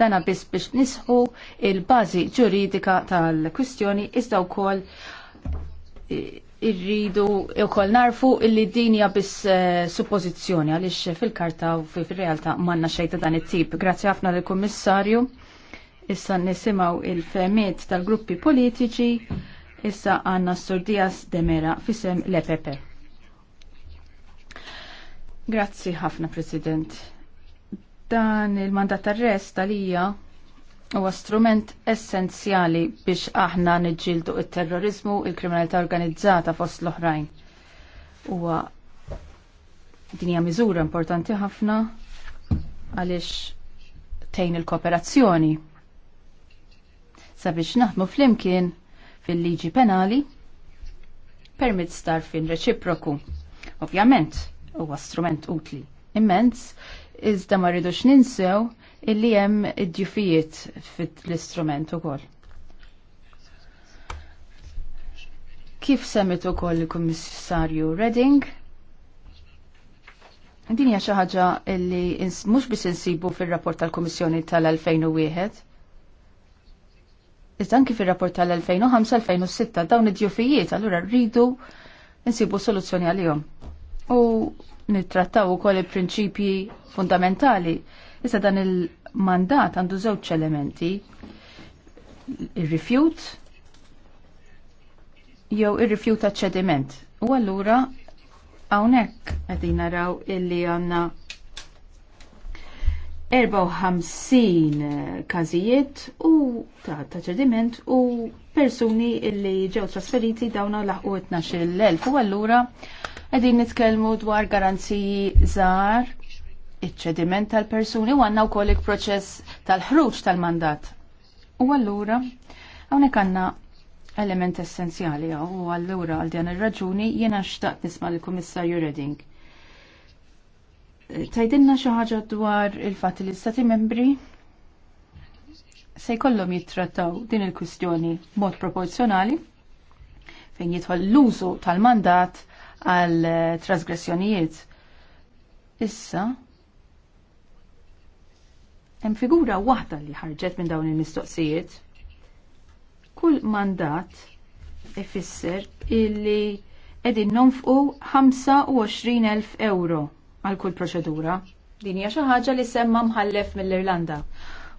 dana biss biex nisħu il-bażi ġuridika tal-kwistjoni iżda wkoll eh, irridu ukoll narfu illi dinja bis biss eh, suppożizzjoni għaliex fil-karta u fil realta m'għandna xejta dan it-tip. Grazzi ħafna lill kummissarju Issa nisimgħu il-femiet tal-gruppi politiċi. Issa għandna s-sordijas demera fisem l-EPP. Grazzi ħafna, President. Dan il-mandat arrest tal-ija huwa strument essenzjali biex aħna niġġieldu it-terrorizmu, il kriminalità organizzata fost l-oħrajn. Huwa din hija miżura importanti ħafna għaliex tejn il-kooperazzjoni sabiex naħdmu flimkien fil-liġi penali permezz tarfin reċiproku. Ovvjament, huwa strument utli immens, iżda ma rridux ninsew illi hemm id-djufijiet l istrument ukoll. Kif semmit ukoll il-Kummissarju Redding? Din hija xi ħaġa li mhux biss insibu fir-rapport tal-Kummissjoni tal-2001, Iżda anki fir-rapport tal-2005-2006 dawn id-djufijiet allura rridu nsibu soluzzjoni għalihom. U nittrattaw ukoll il-prinċipji fundamentali Issa dan il-mandat għandu żewġ elementi. Ir-rifjut jew ir-rifjut ta' ċediment. U allura hawnhekk qegħdin naraw illi għandna 54 każijiet u ta' ċediment u persuni illi ġew trasferiti dawna laħqu 12.000 u allura qegħdin nitkellmu dwar garanziji żgħar iċċediment tal-persuni u għanna u il proċess tal-ħruġ tal-mandat. U għallura, għawnek għanna element essenzjali u għallura għal dan ir-raġuni jiena xtaqt nisma' l-Kummissarju Redding. Tajdinna xi ħaġa dwar il fat li stati membri se jkollhom jittrattaw din il-kwistjoni mod proporzjonali fejn jidħol l-użu tal-mandat għal trasgressjonijiet. Issa, Hemm figura waħda li ħarġet minn dawn il-mistoqsijiet. Kull mandat ifisser illi qegħdin nonfqu 25,000 euro għal kull proċedura. Din hija xi ħaġa li semma mħallef mill-Irlanda.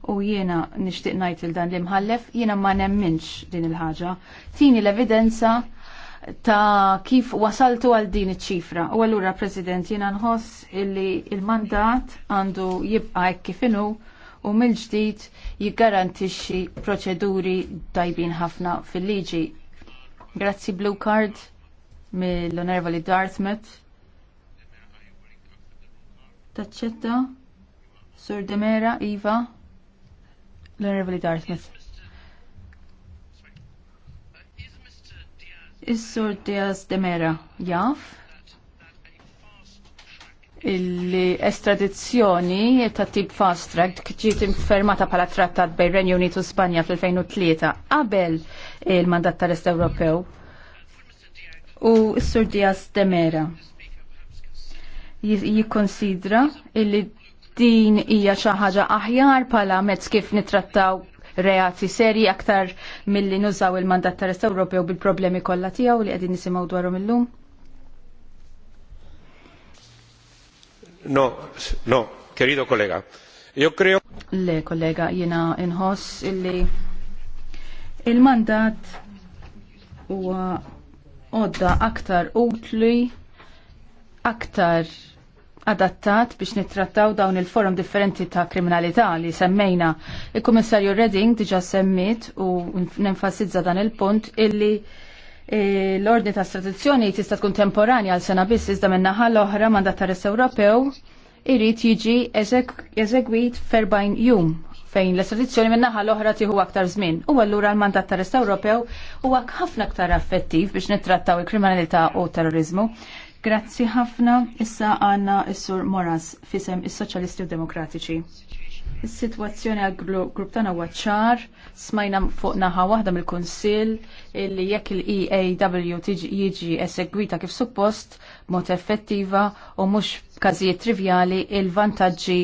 U jiena nixtieq ngħid il dan li mħallef jiena ma nemminx din il-ħaġa. Tini l-evidenza ta' kif wasaltu għal din iċ-ċifra. U allura President, jiena nħoss illi il-mandat għandu jibqa' kif inhu u mill-ġdid jiggarantixxi proċeduri tajbin ħafna fil-liġi. Grazzi Blue Card mill-Onervali Dartmouth. Taċċetta, Sur Demera, Iva, l-Onervali Dartmouth. Is-Sur Diaz Demera, jaf? l-estradizzjoni ta' tip fast track ġiet infermata bħala trattat bejn Renju Unitu Spanja fil 2003 qabel il-mandat tal-Est Ewropew u s-Sur Diaz de Mera jikkonsidra illi din hija xi ħaġa aħjar bħala mezz kif nitrattaw reati seri aktar milli nużaw il-mandat tal-Est Ewropew bil-problemi kollha tiegħu li qegħdin nisimgħu dwarhom illum? No, no, querido creo... Le, kollega, jena inħoss illi il-mandat huwa għodda aktar utli, aktar adattat biex nittrattaw dawn il-forum differenti ta' kriminalità li semmejna. Il-Kummissarju Redding diġa semmit u nenfasizza dan il-punt illi E, l-ordni ta' tradizzjoni tista' tkun temporanja għal sena biss iżda minn naħa l-oħra mandat tar Ewropew irid jiġi eżegwit ferbajn jum fejn l-estradizzjoni minn naħa l-oħra tieħu aktar żmien. U allura l-mandat tar Ewropew huwa ħafna aktar affettiv biex nittrattaw il-kriminalità u terrorizmu. Grazzi ħafna issa għanna s-sur Moras fisem is-Soċjalisti u Demokratiċi. Is-sitwazzjoni għal grupp tagħna huwa ċar, smajna fuq naħa waħda mill-Kunsill illi jekk il-EAW jiġi esegwita kif suppost mot effettiva u mhux każijiet trivjali il-vantaġġi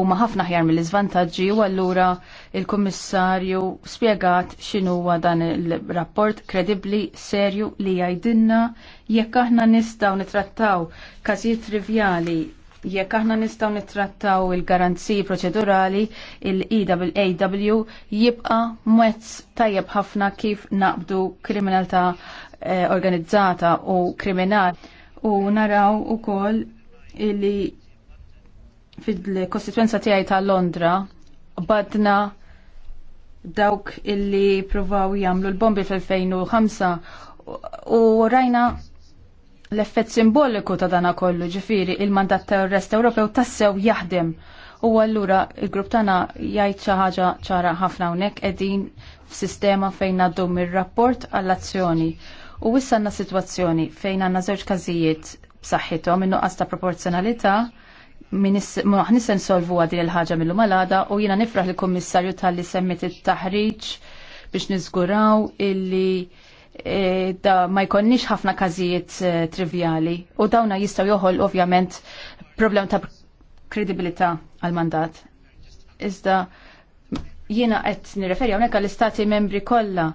huma ħafna ħjar mill izvantagġi u allura il-Kummissarju spjegat x'inhuwa dan il-rapport kredibbli serju li jgħidilna jekk aħna nistgħu nitrattaw każijiet trivjali jekk aħna nistgħu nittrattaw il-garanziji proċedurali il-EWAW jibqa' mezz tajjeb ħafna kif naqbdu kriminalità eh, organizzata u kriminal u naraw ukoll li fil-kostituenza tiegħi ta' Londra badna dawk illi provaw jagħmlu l-bombi fil 2005 u rajna L-effett simboliku ta' dana kollu ġifiri il-mandat Rest Ewropew tassew jaħdem. U allura il-grupp tagħna jgħid xi ħaġa ċara ħafna hawnhekk qegħdin f'sistema fejn għaddu mir-rapport għall-azzjoni. U issa għandna sitwazzjoni fejn għandna żewġ każijiet b'saħħithom in-nuqqas ta' proporzjonalità maħni sen solvu għadin il-ħagġa mill malada u jina nifraħ li kommissarju tal-li semmit il-taħriċ biex nizguraw illi E, da ma jkonniex ħafna każijiet e, trivjali u dawna jistgħu joħol ovvjament problem ta' kredibilità għal mandat. Iżda jiena qed nirreferi hawnhekk għall-istati membri kollha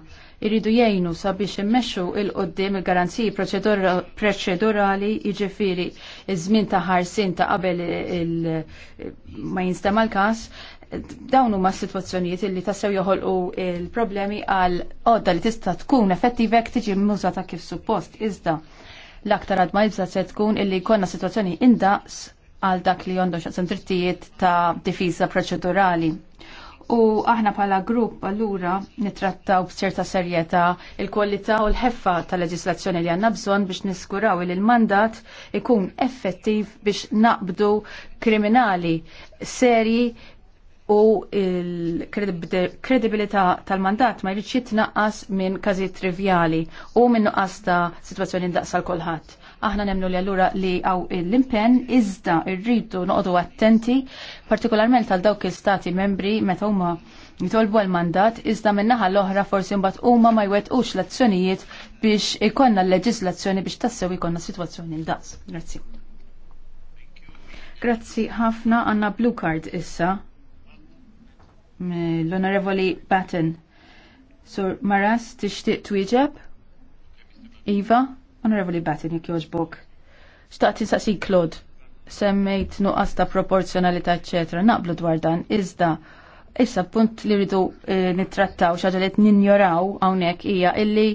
jridu jgħinu sabiex immexxu il qoddim il-garanziji proċedurali jiġifieri iż-żmien ta' ħarsin ta' qabel ma jinstema' l-każ dawn huma situazzjonijiet li tassew joħolqu il-problemi għal għodda li tista' tkun effettivek tiġi mużata kif suppost. Iżda l-aktar għadma jibza se tkun illi jkollna situazzjoni indaqs għal dak li għandu xaqsam drittijiet ta' difiża proċedurali. U aħna pala grupp allura nitrattaw b'ċerta serjeta il-kwalità u l-ħeffa tal-leġislazzjoni li għanna bżon biex niskuraw li l-mandat ikun effettiv biex naqbdu kriminali seri u il-kredibilità tal-mandat ma jridx jitnaqqas minn kazi trivjali u minn nuqqas ta' sitwazzjoni ndaqsa l kulħadd. Aħna nemnu li allura li għaw l-impen iżda rridu noqogħdu attenti, partikolarment tal dawk il-stati membri meta huma jitolbu għal-mandat iżda minnaħa l-oħra forsi mbagħad huma ma jwettqux l-azzjonijiet biex ikonna l leġislazzjoni biex tassew ikonna sitwazzjoni ndaqs. Grazzi. Grazzi ħafna għanna blue card issa l-Onorevoli Batten. Sur Maras, tixtieq twieġeb? Iva, Onorevoli Batten, jekk jogħġbok. Xtaqt tinsaqsi Claude, semmejt nuqqas ta' proporzjonalità, eċetera, naqblu dwar dan, iżda issa punt li rridu eh, nittrattaw xaġa li ninjoraw hawnhekk hija illi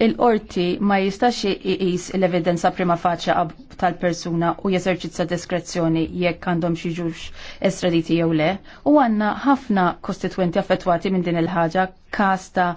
il-qorti ma jistax iqis l-evidenza prima faċċa tal-persuna u jeżerċizza diskrezzjoni jekk għandhom xi estraditi jew le. U għandna ħafna kostitwenti affettwati minn din il-ħaġa każ ta'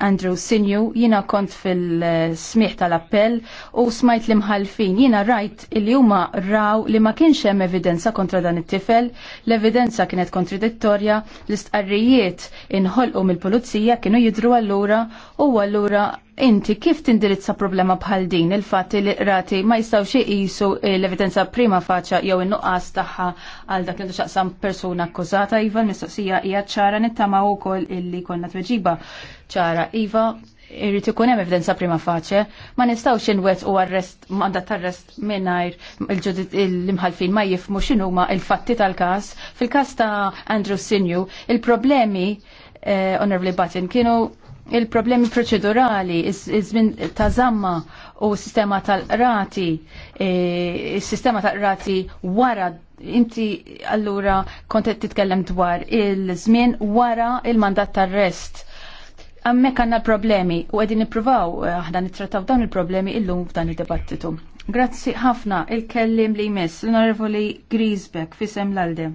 Andrew Sinju, jina kont fil-smiħ tal-appell u smajt l-imħalfin, jina rajt li huma raw li ma kienx hemm evidenza kontra dan it-tifel, l-evidenza kienet kontradittorja, l-istqarrijiet inħolqu mill-pulizija kienu jidru allura u allura Inti kif tindirizza problema bħal din il-fatti li rati ma jistawx jisu l-evidenza prima faċa jew in-nuqqas tagħha għal dak li xaqsam persuna akkużata iva mistoqsija hija ċara nittama wkoll illi konna tweġiba ċara iva irrit ikun hemm evidenza prima faċe, ma nistgħux inwet u arrest mandat arrest mingħajr l-imħalfin ma jifmu x'inhuma il-fatti tal-każ. Fil-każ ta' Andrew Sinju, il-problemi eh, Honorable Batten kienu il-problemi proċedurali, iż-żmien ta' zamma u sistema tal-rati, e, sistema tal-rati wara inti allura kontet titkellem dwar il-żmien wara il-mandat tar-rest. Għammek għanna problemi u għedin niprovaw eh, aħna nittrattaw dawn il-problemi illum f'dan il-dibattitu. Grazzi ħafna il-kellim li jmiss l-onorevoli Griesbeck fisem l-alde.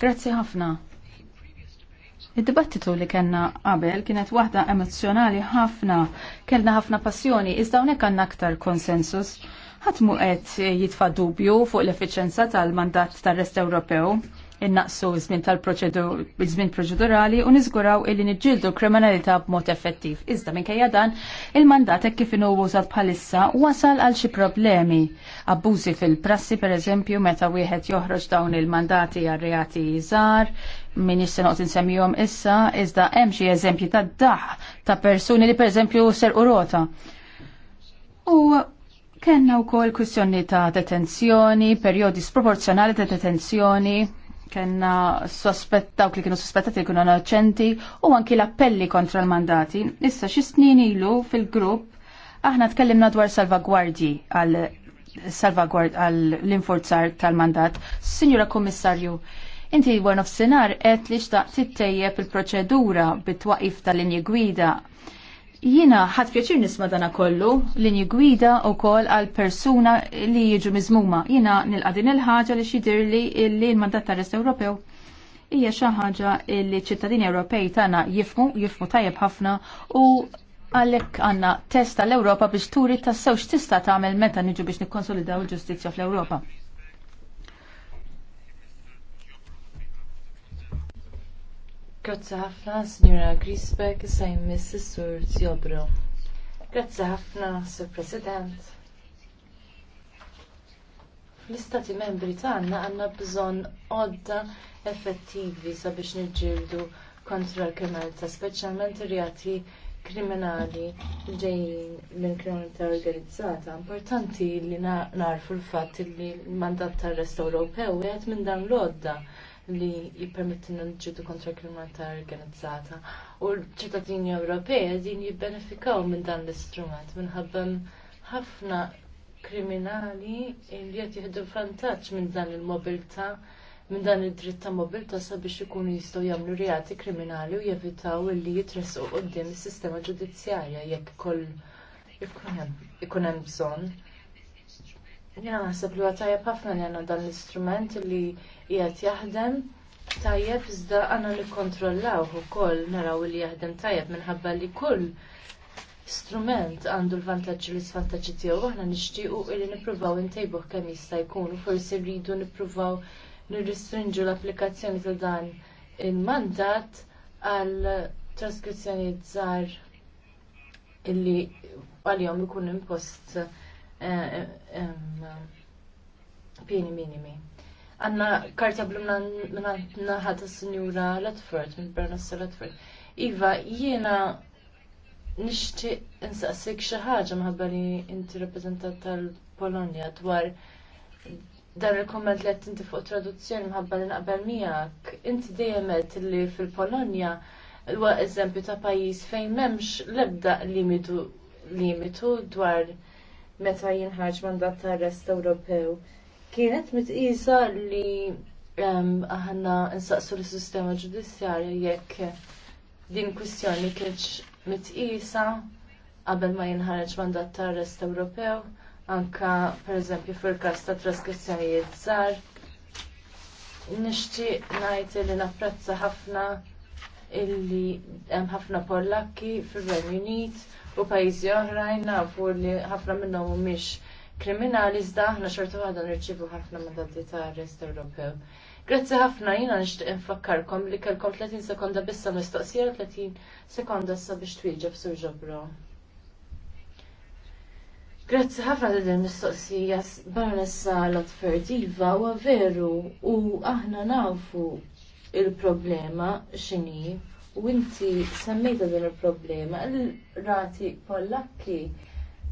Grazzi ħafna. Id-dibattitu li kellna qabel kienet waħda emozjonali ħafna, kellna ħafna passjoni, iżda hawnhekk għandna aktar konsensus. Ħadd mhu qed jitfa' dubju fuq l-effiċenza tal-mandat tar-Rest Ewropew innaqsu żmien tal-żmien proċedurali u niżguraw illi niġġieldu kriminalità b'mod effettiv. Iżda minkejja dan, il-mandat hekk kif inhu użat bħalissa wasal għal xi problemi. Abbużi fil-prassi pereżempju meta wieħed joħroġ dawn il-mandati għal reati żgħar, min jissenot insemmijom issa, iżda hemm xi eżempji ta' daħ ta' persuni li pereżempju serqu rota. U kellna wkoll kwistjoni ta' detenzjoni, perjodi sproporzjonali ta' detenzjoni, kena sospetta li kienu sospettati li kienu innoċenti u anki l-appelli kontra l-mandati. Issa xi snin ilu fil-grupp aħna tkellimna dwar salvagwardji għal salvagward għall-inforzar infurzar tal-mandat. Sinjura Kummissarju. Inti war nofsinhar għet li xtaq tittejjeb il-proċedura bit-twaqif ta' linji gwida. Jina ħadd pjaċir nisma' dana kollu linji gwida wkoll għal persuna li jiġu miżmuma. Jina nilqa' din il-ħaġa li xidir li l-mandat tar Ewropew hija xi ħaġa li ċittadini Ewropej tagħna jifmu, jifmu tajjeb ħafna u għalhekk għandna test tal-Ewropa biex turi tassew x'tista' tagħmel meta niġu biex nikkonsolidaw il-ġustizzja fl-Ewropa. Grazzi ħafna, Signora Grisbeck, issa jmiss sur Zjobro. Grazzi ħafna, Sur President. L-Istati Membri tagħna għandna bżonn għodda effettivi sabiex niġġieldu kontra l-kriminalità, speċjalment ir-reati kriminali ġejjin minn kriminalità organizzata. Importanti li narfu l-fatt li l-mandat tar-Rest Ewropew wieħed minn dan l odda li l-ġudu kontra kriminalità organizzata. U l-ċittadini Ewropej din jibbenefikaw minn dan l-istrument minħabba ħafna kriminali li qed jieħdu vantaġġ minn dan il mobilta minn dan id dritta ta' sabiex ikunu jistgħu jagħmlu reati kriminali u jevitaw li jitresu quddiem is-sistema ġudizzjarja jekk ikoll ikun hemm bżonn. Jena naħseb li għatajab ħafna li għanna dan l-istrument li jgħat jaħdem tajjeb iżda għanna u ukoll naraw li jaħdem tajjeb minħabba li kull strument għandu l-vantaġġi u l-isvantaġġi tiegħu aħna nixtiequ li nippruvaw intejbuh kemm jista' jkun u forsi rridu nippruvaw nirristrinġu l-applikazzjoni ta' dan il-mandat għal traskrizzjonijiet żgħar illi għalihom ikun impost pieni minimi. Għanna karta blu minna naħat s-sinjura Ledford, minn Bernassa Ledford. Iva, jiena nixtieq insaqsik xi ħaġa minħabba li inti rappreżentant tal-Polonja dwar dan il-komment li qed fuq traduzzjoni minħabba li naqbel miegħek. Inti dejemet li fil-Polonja huwa eżempju ta' pajjiż fejn m'hemmx l-ebda limitu limitu dwar meta jinħarġ mandat ta' arrest Ewropew. Kienet mitqisa li ehm, aħna nsaqsu l-sistema ġudizzjarja jekk din kwistjoni kienx mitqisa qabel ma jinħarġ mandat ta' arrest Ewropew, anka pereżempju fil-każ ta' traskrizzjonijiet żgħar. Nixtieq ngħid li napprezza ħafna illi hemm ħafna Pollakki fir-Renju Unit u pajjiżi oħrajn nafu li ħafna minnhom mhumiex kriminali iżda aħna xorta waħda nirċivu ħafna mandati ta' arrest Ewropew. Grazzi ħafna jiena nixtieq infakkarkom li kellkom 30 sekonda bissa mistoqsija 30 sekonda sa biex twieġeb sur ġobro. Grazzi ħafna li din mistoqsija Baronessa Lotferdiva u veru u aħna nafu il-problema x'inhi u inti semmejta din il-problema, l-rati pollakki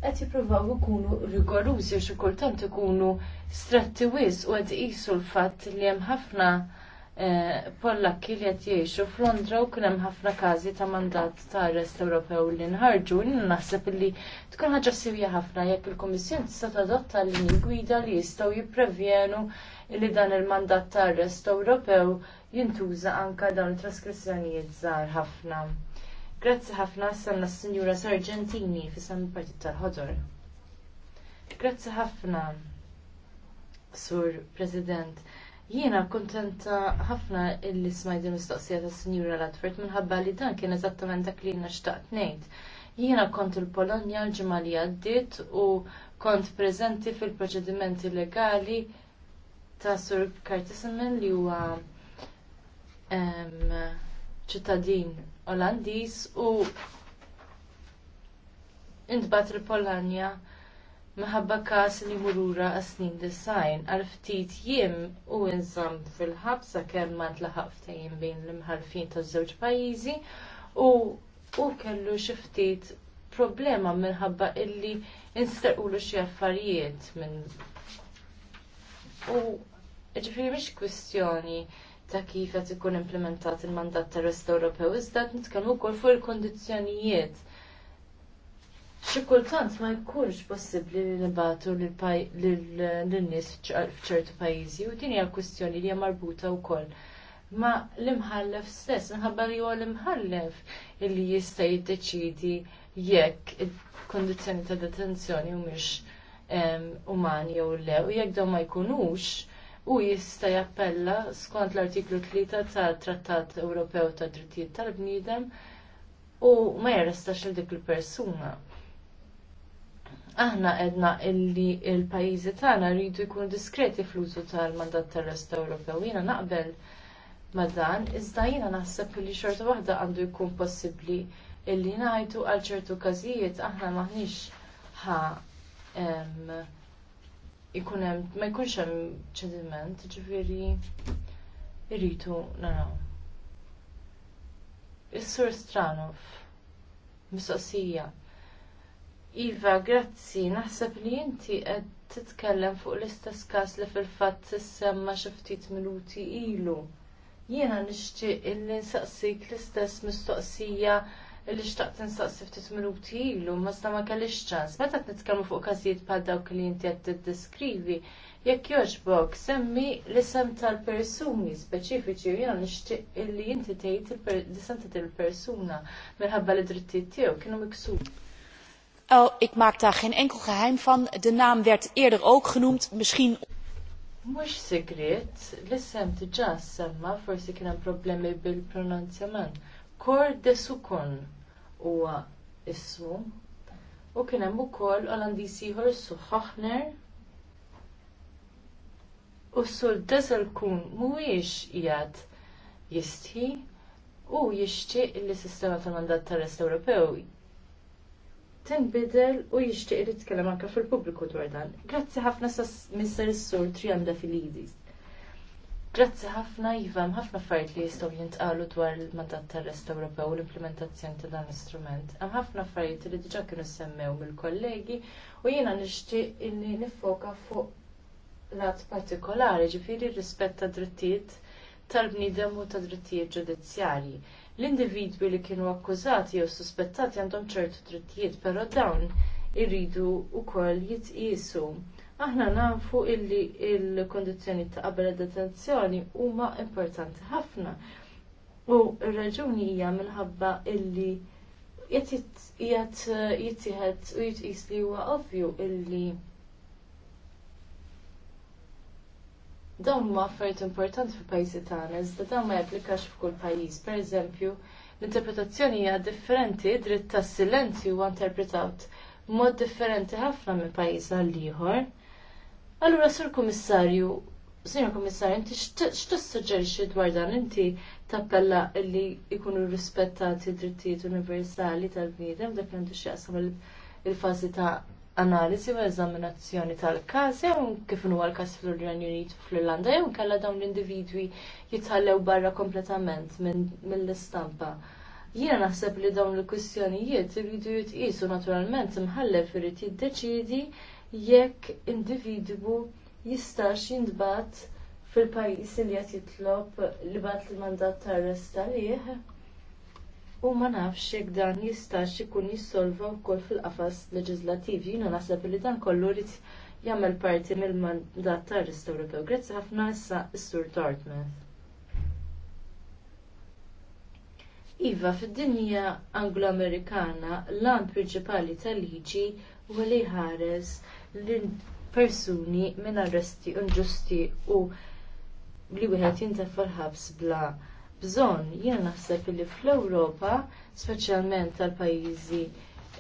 qed jippruvaw ikunu rigorużi u xi kultant ikunu stretti wis u qed iqisu l-fatt li hemm ħafna eh, Pollakki li qed jgħixu f'Londra u kien hemm ħafna każi ta' mandat ta' arrest Ewropew li nħarġu li naħseb li tkun ħaġa sewja ħafna jekk il-Kummissjoni tista' tadotta linji gwida li jistgħu jipprevjenu li dan il-mandat ta' arrest Ewropew jintuża anka dawn it-traskrizzjonijiet żgħar ħafna. Grazzi ħafna sanna s-Sinjura Sargentini fi san partit tal-ħodor. Grazzi ħafna, Sur President. Jiena kontenta ħafna illi smajt il-mistoqsija ta' Sinjura Latford minħabba li dan kien eżattament dak li xtaqt ngħid. Jiena kont il-Polonja l-ġimgħa li għaddiet u kont preżenti fil-proċedimenti legali ta' Sur Mill li huwa ċittadin Olandiż u intbat il-Polonja minħabba każ li murura snin design għal ftit jiem u nżamm fil-ħabsa kemm ma tlaħaq ftehim bejn l-imħalfin taż-żewġ pajjiżi u u kellu xi ftit problema minħabba illi instaqulu xi affarijiet minn u Ġifiri mhix kwestjoni ta' kif qed ikun implementat il-mandat tar-Rest Ewropew, iżda qed nitkellmu wkoll fuq il kondizjonijiet Xi kultant ma jkunx possibbli li nibatu l nies f'ċertu pajjiżi u din hija kwestjoni li hija marbuta wkoll ma l-imħallef stess, nħabba li huwa l-imħallef illi jista' jiddeċidi jekk il kondizjoni ta' detenzjoni mhumiex umani jew le u jekk dawn ma jkunux u jista jappella skont l-artiklu 3 tat Trattat Ewropew ta' Drittijiet tal-Bniedem u ma jarrestax lil dik il-persuna. Aħna edna illi il-pajjiżi tagħna rridu jkunu diskreti fl-użu tal-mandat tar-rest Ewropew. Jiena naqbel ma' dan, iżda jiena naħseb li xorta waħda għandu jkun possibbli illi ngħidu għal ċertu każijiet aħna maħniex ħa ikun hemm ma jkunx hemm ċediment, ġifieri irridu naraw. Is-Sur Stranov, mistoqsija. Iva, grazzi, naħseb li inti qed titkellem fuq l-istess każ li fil-fatt tissemma xi ftit minuti ilu. Jiena nixtieq illi nsaqsik l-istess mistoqsija li xtaqt nistaqsi ftit minuti ilu, ma ma kellix ċans. Meta qed nitkellmu fuq każijiet bħal dawk li inti qed tiddeskrivi, jekk jogħġbok semmi l-isem tal-persuni speċifiċi u jiena nixtieq li inti tgħid l-isem ta' persuna minħabba li drittijiet tiegħu kienu miksu. Oh, ik maak daar geen enkel geheim van. De naam werd eerder ook genoemd, misschien Mux segret, l-isem tġa semma forsi kien hemm problemi bil-pronunzjament. Kor Kordesukon huwa ismu u kien hemm ukoll Olandiż ieħor su Hochner u sur Deselkun mhuwiex qiegħed jistħi u jixtieq li sistema tal-mandat tal-Est Ewropew tinbidel u jixtieq li tkellem anke fil-pubbliku dwar dan. Grazzi ħafna sa' Mr. Sur Trianda Filidis. Grazzi ħafna Iva, ħafna affarijiet li jistgħu jintqalu dwar il-mandat tar-Rest Ewropew u l-implementazzjoni ta' dan l-istrument. Hemm ħafna affarijiet li diġà kienu semmew mill-kollegi u jiena nixtieq inni nifoka fuq lat partikolari ġifieri rispett ta' drittijiet tal-bniedem u ta' drittijiet ġudizzjarji. L-individwi li kienu akkużati jew suspettati għandhom ċertu drittijiet, però dawn irridu wkoll jitqiesu Aħna nafu illi il-kondizjoni ta' qabel detenzjoni huma importanti ħafna. U r-raġuni hija minħabba illi jgħat jittieħed u jitqis li huwa ovvju illi dawn huma affarijiet importanti fil-pajjiżi tagħna, iżda dawn ma japplikax f'kull pajjiż. Pereżempju, l-interpretazzjoni hija differenti, dritt tas-silenzju huwa interpretat b'mod differenti ħafna minn pajjiż għal ieħor. Allura, sur kummissarju, sir komissarju, inti x'tissuġġerixxi dwar dan inti tappella li jkunu rispettati drittijiet universali tal-bniedem dak għandu x'jaqsam il-fażi ta' analiżi u eżaminazzjoni tal-każ jew kif huwa l-każ fl-Irjan Unit u fl-Irlanda jew kellha dawn l-individwi jitħallew barra kompletament mill-istampa. Jiena naħseb li dawn il-kwistjonijiet iridu jitqisu naturalment imħallef irid jiddeċiedi jekk individwu jistax jintbagħat fil-pajis li qed jitlob li bat il-mandat ta' arrest għalih u ma nafx jekk dan jistax ikun jissolva wkoll fil-qafas leġislattiv jiena naħseb li dan kollu rrid jagħmel parti mill-mandat ta' arrest Ewropew. Grazzi ħafna issa s-Sur Dartmouth. Iva, fid-dinja Anglo-Amerikana l-għan prinċipali tal-liġi u li ħares lill persuni minn arresti inġusti u li wieħed jintef ħabs bla bżonn. Jien naħseb li fl-Ewropa, speċjalment tal-pajjiżi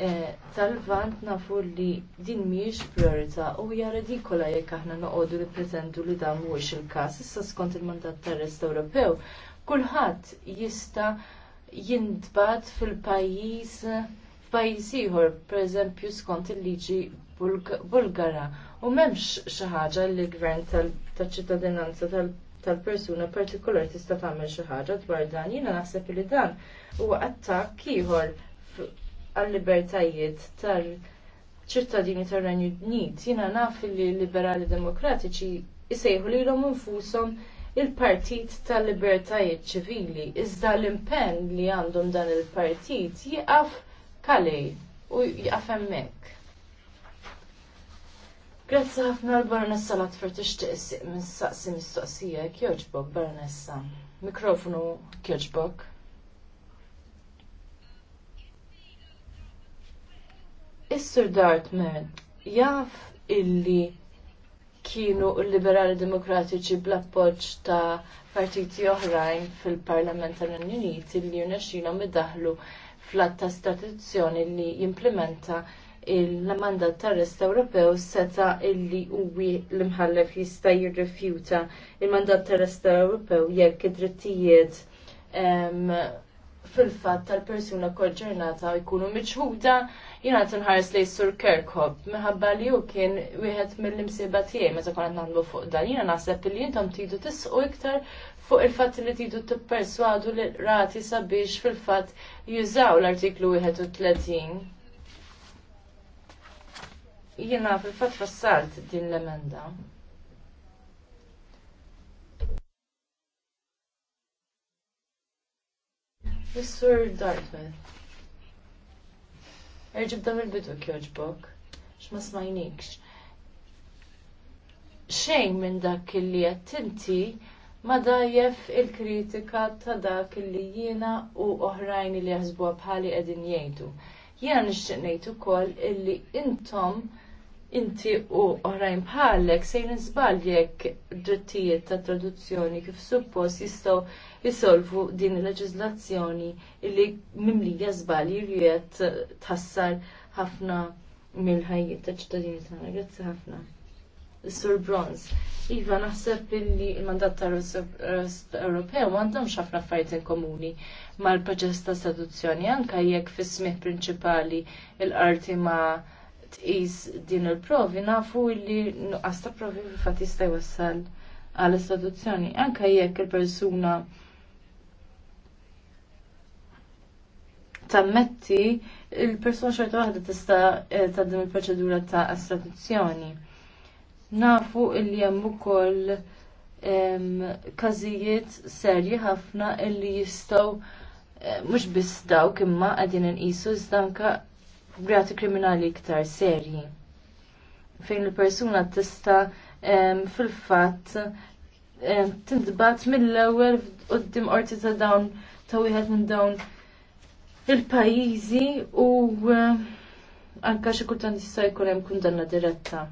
eh, tal-vant nafu li din mhijiex priorità u hija redikola jekk aħna noqogħdu li pretendu li dan mhuwiex il-każ. Issa skont il-mandat tar-Rest Ewropew, kulħadd jista' jintbagħat fil-pajjiż f'pajjiż ieħor, pereżempju skont il-liġi Bulgara u m'hemmx xi ħaġa li gvern tal-ċittadinanza tal-persuna partikolari tista' tagħmel xi ħaġa dwar dan. Jiena naħseb li dan huwa attakk ieħor għall-libertajiet tal- ċittadini tar renju Unit, jiena naf li liberali demokratiċi jsejħu lilhom infushom il-partit tal-libertajiet ċivili, iżda l-impenn li għandhom dan il-partit jieqaf kalej u jaqaf hemmhekk. Grazzi ħafna l-Baronessa Latfer tixtieq issiq mis saqsi mistoqsija kjoġbok Baronessa. Mikrofonu kjoġbok. Is-Sur Dartmouth jaf illi kienu l-liberali demokratiċi bl-appoġġ ta' partiti oħrajn fil-Parlament tal-Unjoni Uniti li jirnexxilhom idaħlu fl-att ta' statuzzjoni li jimplementa il-mandat tar-rest Ewropew seta illi huwi l-imħallef jista' jirrifjuta il-mandat tar-rest Ewropew jekk id-drittijiet fil-fatt tal-persuna ġurnata jkunu miċħuda jina inħares lejn Sur Kirkhop minħabba li hu kien wieħed mill-imsieba tiegħi meta kont nagħmlu fuq dan. Jiena naħseb li intom tidu tisqu iktar fuq il-fatt li tidu tipperswadu li rati sabiex fil-fatt jużaw l-artiklu 31. Jiena fil-fatt fassalt din l-emenda. Mr. Dartmouth. Erġib dam il-bidu kjoġbok, x'ma smajnikx. Xejn minn dak li għattinti ma dajjef il-kritika ta' dak li jiena u oħrajn li jaħsbuha bħali qegħdin jgħidu. Jiena nixtieq ngħid ukoll illi intom inti u oħrajn bħalek se nżbal jekk drittijiet ta' traduzzjoni kif suppost jistgħu jisolvu din il-leġiżlazzjoni illi mimlija żbal jirjiet tħassar ħafna mill-ħajjiet ta' ċittadini tagħna. Grazzi ħafna. Sur Bronze. Iva, naħseb illi il-mandat ta' Ewropew għandhom ħafna affarijiet in komuni mal-proċess ta' seduzzjoni Anke jekk fis-smih prinċipali l qarti ma' tqis din il-provi nafu li għasta provi fil-fatt jista' jwassal għal istituzzjoni anke jekk il-persuna tammetti il-persuna xorta waħda tista' eh, din il-proċedura ta' istituzzjoni. Nafu li hemm ukoll każijiet serji ħafna illi jistgħu eh, mhux biss dawk imma qegħdin inqisu iżda anke grati kriminali iktar serji fejn il-persuna tista fil-fatt tintbat mill-ewwel qudiem qorti ta' dawn ta' wieħed minn dawn il-pajjiżi u anke xi kultant jista' jkun hemm kundanna diretta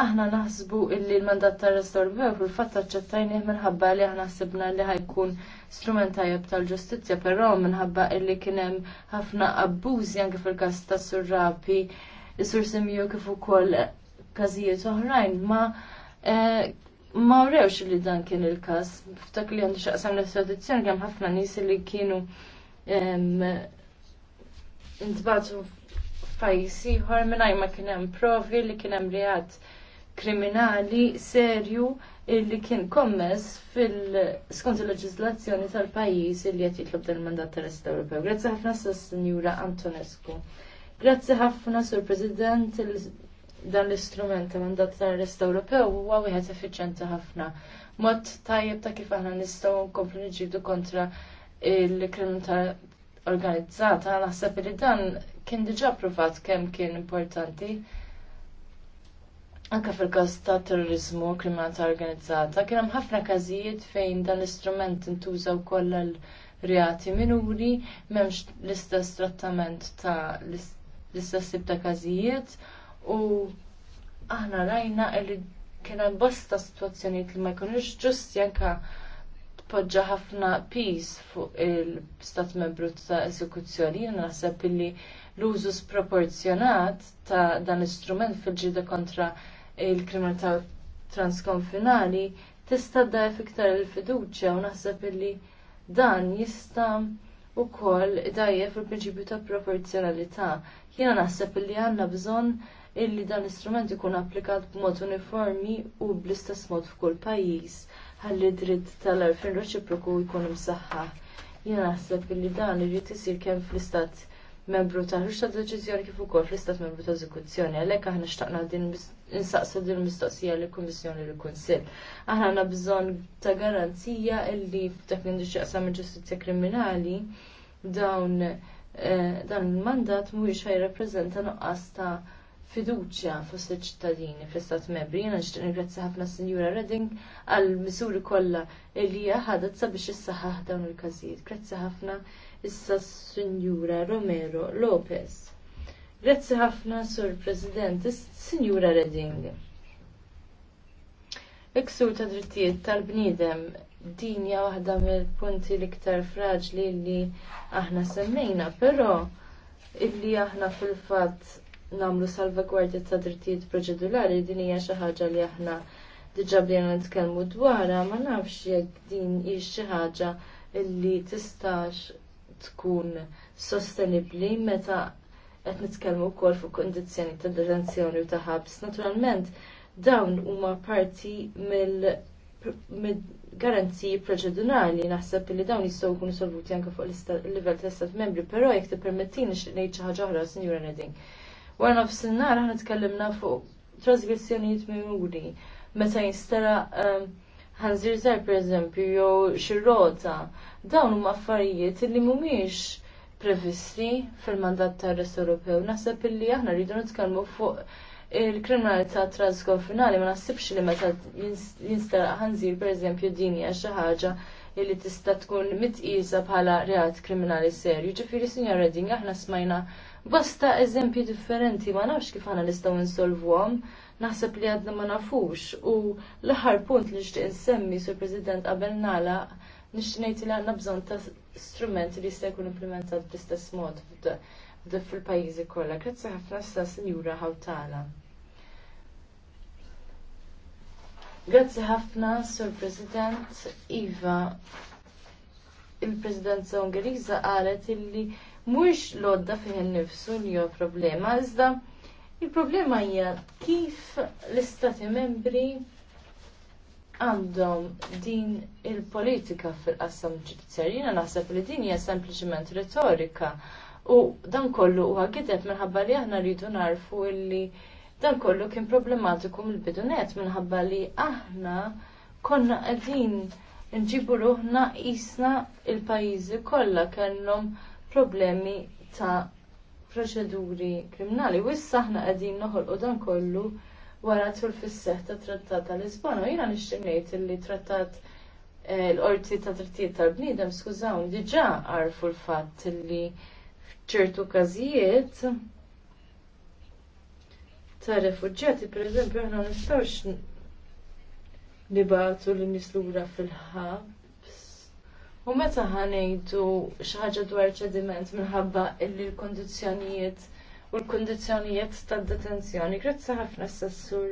aħna naħsbu illi l-mandat tar restorbew fil-fatt aċċettajnieh minħabba li aħna sibna li ħajkun strument tajjeb tal-ġustizzja, però minħabba illi kien hemm ħafna abbużi anke fil-każ ta' surrapi, sur Simju kif ukoll każijiet oħrajn ma eh, ma rewx li dan kien il-każ. F'dak li għandu xaqsam l-estradizzjoni kemm ħafna nies li kienu intbagħtu fajsi ieħor mingħajr ma kien hemm provi li kien hemm kriminali serju illi kien kommess fil-skont il-leġizlazzjoni tal-pajjiż illi qed jitlob dal mandat tal-Est Ewropew. Grazzi ħafna Sinjura Antonescu. Grazzi ħafna Sur President dan l-istrument ta' mandat tal-Est Ewropew huwa wieħed effiċenti ħafna. Mod tajjeb ta' kif aħna nistgħu nkomplu niġġieldu kontra il-kriminalità organizzata, naħseb li dan kien diġà provat kemm kien importanti Anka fil-każ ta' terrorizmu u kriminalità organizzata, kien hemm ħafna każijiet fejn dan l-istrument intuża wkoll għal-reati minuri m'hemmx l-istess trattament ta' l-istess tip ta' każijiet u aħna rajna li kien hemm bosta sitwazzjonijiet li ma jkunux ġusti anke tpoġġa ħafna pis fuq il-stat membru ta' eżekuzzjoni, naħseb illi l-użu sproporzjonat ta' dan l-istrument fil-ġida kontra il-kriminalità transkonfinali tista' ddajf iktar il-fiduċja u naħseb illi dan jista' ukoll dajjef il-prinċipju ta' proporzjonalità. Jiena naħseb illi għandna bżonn illi dan l-istrument ikun applikat b'mod uniformi u bl-istess mod f'kull pajjiż ħalli dritt tal-arfin reċiproku jkun imsaħħa. Jiena naħseb illi dan irid isir kemm fl-istat membru ta' ħruġ ta' deċiżjoni kif ukoll fl-istat membru ta' eżekuzzjoni. Għalhekk aħna xtaqna din insaqsu din mistoqsija lill kummissjoni lill kunsill. Aħna għandna bżonn ta' garanzija illi f'dak l-indiċċi qasam il-ġustizzja kriminali dawn eh, dan il-mandat mhuwiex jirrappreżenta nuqqas ta' fiduċja fost il-ċittadini fl-Istat Membri. Jiena nixtieq ningrazzja ħafna Sinjura Redding għall miżuri kollha li hija ħadet sabiex issaħħaħ dawn il-każijiet. Grazzi ħafna issa s-Sinjura Romero Lopez. Grazzi ħafna, Sur President, Sinjura Redding. Iksur ta' drittijiet tal-bniedem din hija waħda mill-punti l-iktar fraġli li aħna semmejna, però illi aħna fil-fatt namlu salvagwardja ta' drittijiet proċedurali din hija xi ħaġa li aħna diġà bdejna nitkellmu dwarha ma nafx jekk din hi xi ħaġa illi tistax tkun sostenibbli meta qed nitkellmu wkoll fuq kondizzjoni ta' detenzjoni u ta' ħabs. Naturalment, dawn huma parti mill garanziji proċedurali naħseb li dawn jistgħu jkunu solvuti anke fuq il-livell ta' istat membri, però jekk tippermettini ngħid xi ħaġa oħra, Sinjura Reding. Wara nofs in-nar aħna tkellimna fuq trasgressjonijiet minuri meta jinstara ħanżir ehm, żgħar pereżempju jew xi rota Dawn huma affarijiet li mhumiex previsti fil-mandat tar-Rest Ewropew. Naħseb illi aħna rridu nitkellmu fuq il-kriminalità transkonfinali ma naħsibx li meta jinstara ħanżir pereżempju din hija xi ħaġa li tista' tkun mitqisa bħala reat kriminali serju. Ġifieri Sinjor Redding aħna smajna bosta eżempji differenti ma nafx kif aħna nistgħu insolvuhom, naħseb li għadna ma nafux u l-aħħar punt li xtieq insemmi sur President qabel nagħlaq nixtinajt li għandna bżonn ta' strument li jista' jkun implementat bl-istess mod fil-pajjiżi kollha. Grazzi ħafna sa' Sinjura Hawtala. Grazzi ħafna, Sur President Iva. Il-Presidenza Ungeriża qalet illi mhux lodda fih innifsu li huwa problema, iżda il-problema hija kif l-Istati membri għandhom din il-politika fil-qassam ġudizzjarju. Jina naħseb li din hija sempliċement retorika u dan kollu huwa għagidet minħabba li aħna rridu narfu illi dan kollu kien problematiku mill-bidunet minħabba li aħna konna qegħdin nġibu ruħna isna il-pajizi kollha kellhom problemi ta' proċeduri kriminali. U issa aħna qegħdin noħolqu dan kollu wara tul fis-seħħ tat Trattat ta' Lisbona. Jiena nixtieq ngħid li trattat eh, l-qorti ta' trattijiet tal-bniedem skużawn diġà għarfu l-fatt li f'ċertu każijiet ta' refuġġjati pereżempju aħna nistgħux nibatu li nislura fil-ħabs. U meta ħanejtu xi ħaġa dwar ċediment minħabba illi l-kondizzjonijiet u l-kondizjonijiet tad-detenzjoni. Grazzi ħafna s-sassur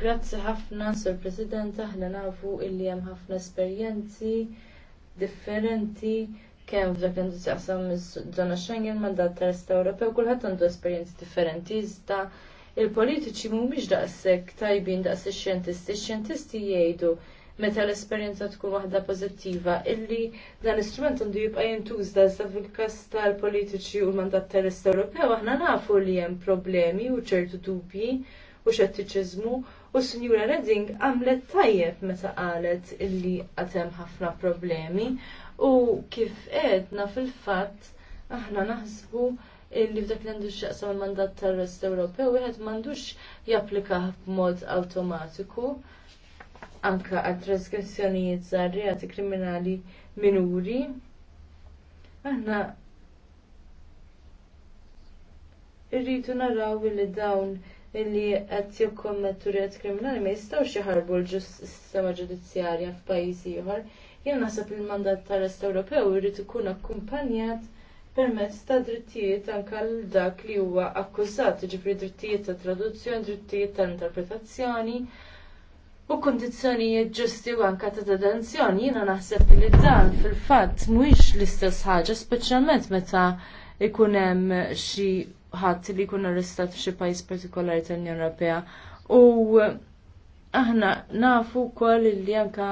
Grazzi ħafna, Sur President, aħna nafu illi hemm ħafna esperjenzi differenti kemm f'dak li miż żona Schengen mandat tal-Est Ewropew kulħadd għandu esperjenzi differenti iżda il-politiċi mhumiex daqshekk tajbin daqs ix-xjentisti, ix-xjentisti jgħidu meta l-esperjenza tkun waħda pożittiva illi dan l-istrument għandu jibqa' jintuż iżda fil-każ tal-politiċi u l-mandat tal-Est Ewropew aħna nafu li hemm problemi u ċertu dubji u xettiċiżmu u Sinjura Redding għamlet tajjeb meta qalet illi għad hemm ħafna problemi u kif qedna fil-fatt aħna naħsbu illi f'dak li għandux jaqsam il-mandat tal-Rest Ewropew, wieħed m'għandux japplika b'mod awtomatiku anka għad trasgressjonijiet żgħar reati kriminali minuri. Aħna irridu naraw li dawn li qed jikkommettu reati kriminali ma jistgħux jaħarbu l-sistema ġudizzjarja f'pajjiż ieħor. Jien naħseb il-mandat tal-Est Ewropew irid ikun akkumpanjat permezz ta' drittijiet anke għal dak li huwa akkużat, ġifri drittijiet ta' traduzzjoni, drittijiet ta' interpretazzjoni, u kundizzjonijiet ġusti u anka ta' detenzjoni. Jiena naħseb li dan fil-fatt mhuwiex l-istess ħaġa, speċjalment meta ikun hemm xi ħadd li jkun arrestat f'xi pajjiż partikolari tal-Unjoni Ewropea. U aħna nafu wkoll li anke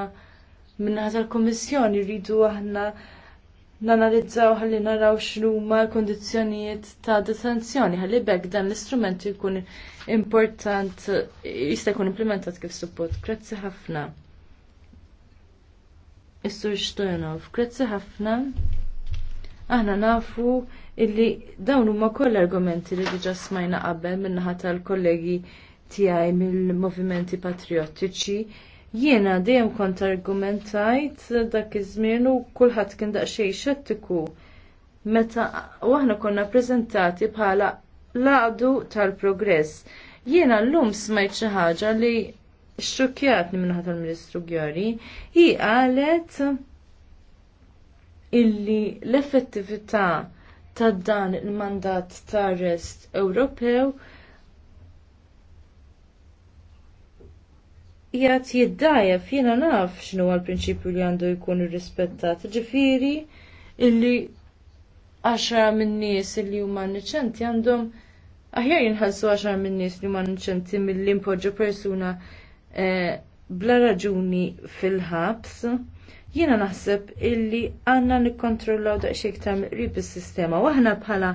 minnaħa tal-Kummissjoni rridu aħna nanalizzaw ħalli naraw x'huma l-kondizzjonijiet ta' detenzjoni ħalli bekk dan l-istrument jkun important jista' jkun implementat kif suppott. Grazzi ħafna. Issur sur Stojanov, grazzi ħafna. Aħna nafu illi dawn huma koll argumenti li diġà smajna qabel min-naħa tal-kollegi tiegħi mill-movimenti patriottiċi Jiena dejjem kont argumentajt dak iż-żmien u kulħadd kien daqsxejn xettiku meta waħna konna ppreżentati bħala laqdu tal-progress. Jiena llum smajt xi ħaġa li minn minħat tal-Ministru Gjari hi qalet illi l-effettività ta' dan il-mandat ta' arrest Ewropew jgħat jiddajef, jena naf xinu għal-prinċipju li għandu jkun rispettat. Ġifiri, illi għaxra minn-nies illi huma niċenti għandhom aħjar jinħassu għaxra minn-nies li huma niċenti mill-li impoġġu persuna eh, bla raġuni fil-ħabs. Jiena naħseb illi għanna nikkontrollaw daqsxejn iktar rib is-sistema. Waħna bħala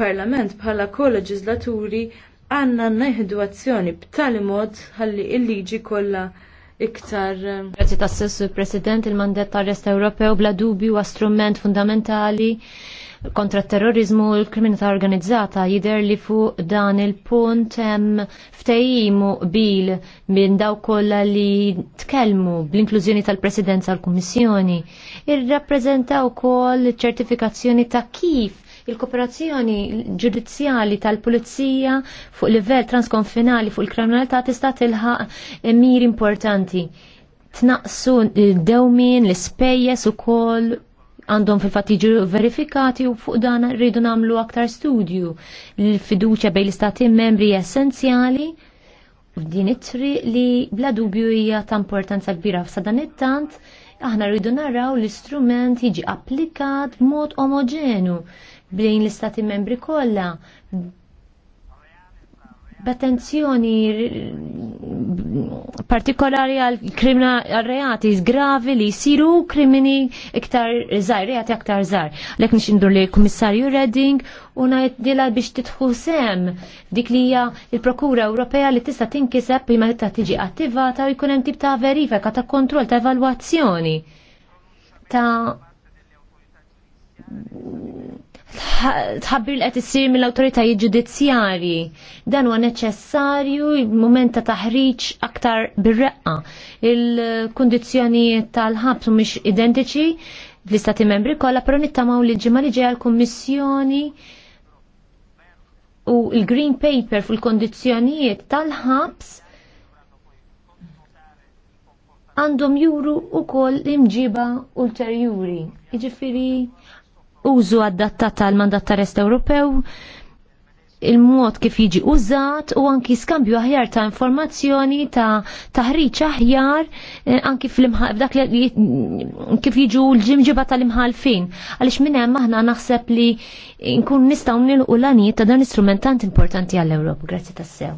parlament, bħala koleġislaturi, leġislaturi għanna neħdu azzjoni b'tali mod ħalli il-liġi kollha iktar. Eh, Grazzi tassessu President, il-mandat tal-Rest Ewropew bla dubju huwa strument fundamentali kontra terrorizmu u l-kriminalità organizzata jider li fuq dan il-punt hemm ftehimu bil minn daw kollha li tkellmu bl-inklużjoni tal-Presidenza l kummissjoni Irrappreżenta wkoll ċertifikazzjoni ta' kif Il-kooperazzjoni ġudizzjali tal-pulizija fuq livell transkonfinali fuq il-kriminalità tista' tilħaq mir importanti. Tnaqsu dewmin, l-ispejjeż ukoll għandhom fil-fatt jiġu verifikati u fuq dan rridu nagħmlu aktar studju. L-fiduċja bejn l-istati membri essenzjali f'din it-tri li bla dubju hija ta' importanza kbira f'sa dan it-tant aħna rridu naraw l-istrument jiġi applikat b'mod omogenu bejn l-istati membri kollha b'attenzjoni partikolari għal krimina għal reati gravi li jisiru krimini iktar żgħar, reati aktar żgħar. Lek nix indur li kummissarju Redding u ngħidilha biex titħu sem dik li hija l-Prokura Ewropea li tista' tinkiseb imma ta' tiġi attivata u jkun hemm tip ta' verifika ta' kontroll ta' evalwazzjoni ta' tħabbir l qed issir mill-awtoritajiet ġudizzjarji. Dan huwa neċessarju il-mument ta' taħriġ aktar bir-reqqa. Il-kundizzjonijiet tal-ħabs mhumiex identiċi fl-istati membri kollha, però nittamaw li ġimgħa li ġejja l-Kummissjoni u l green Paper fil-kondizzjonijiet tal-ħabs għandhom juru u koll imġiba ulterjuri. Iġifiri, użu adattat tal-mandat ta' est Ewropew, il-mod kif jiġi użat u anki skambju aħjar ta' informazzjoni ta' taħriċ aħjar eh, anki f'dak li kif jiġu l-ġimġiba tal-imħalfin. Għaliex minn hemm aħna naħseb li nkun nistgħu nilqu l-għanijiet ta' dan istrumentant importanti għall-Ewropa. Grazzi tassew.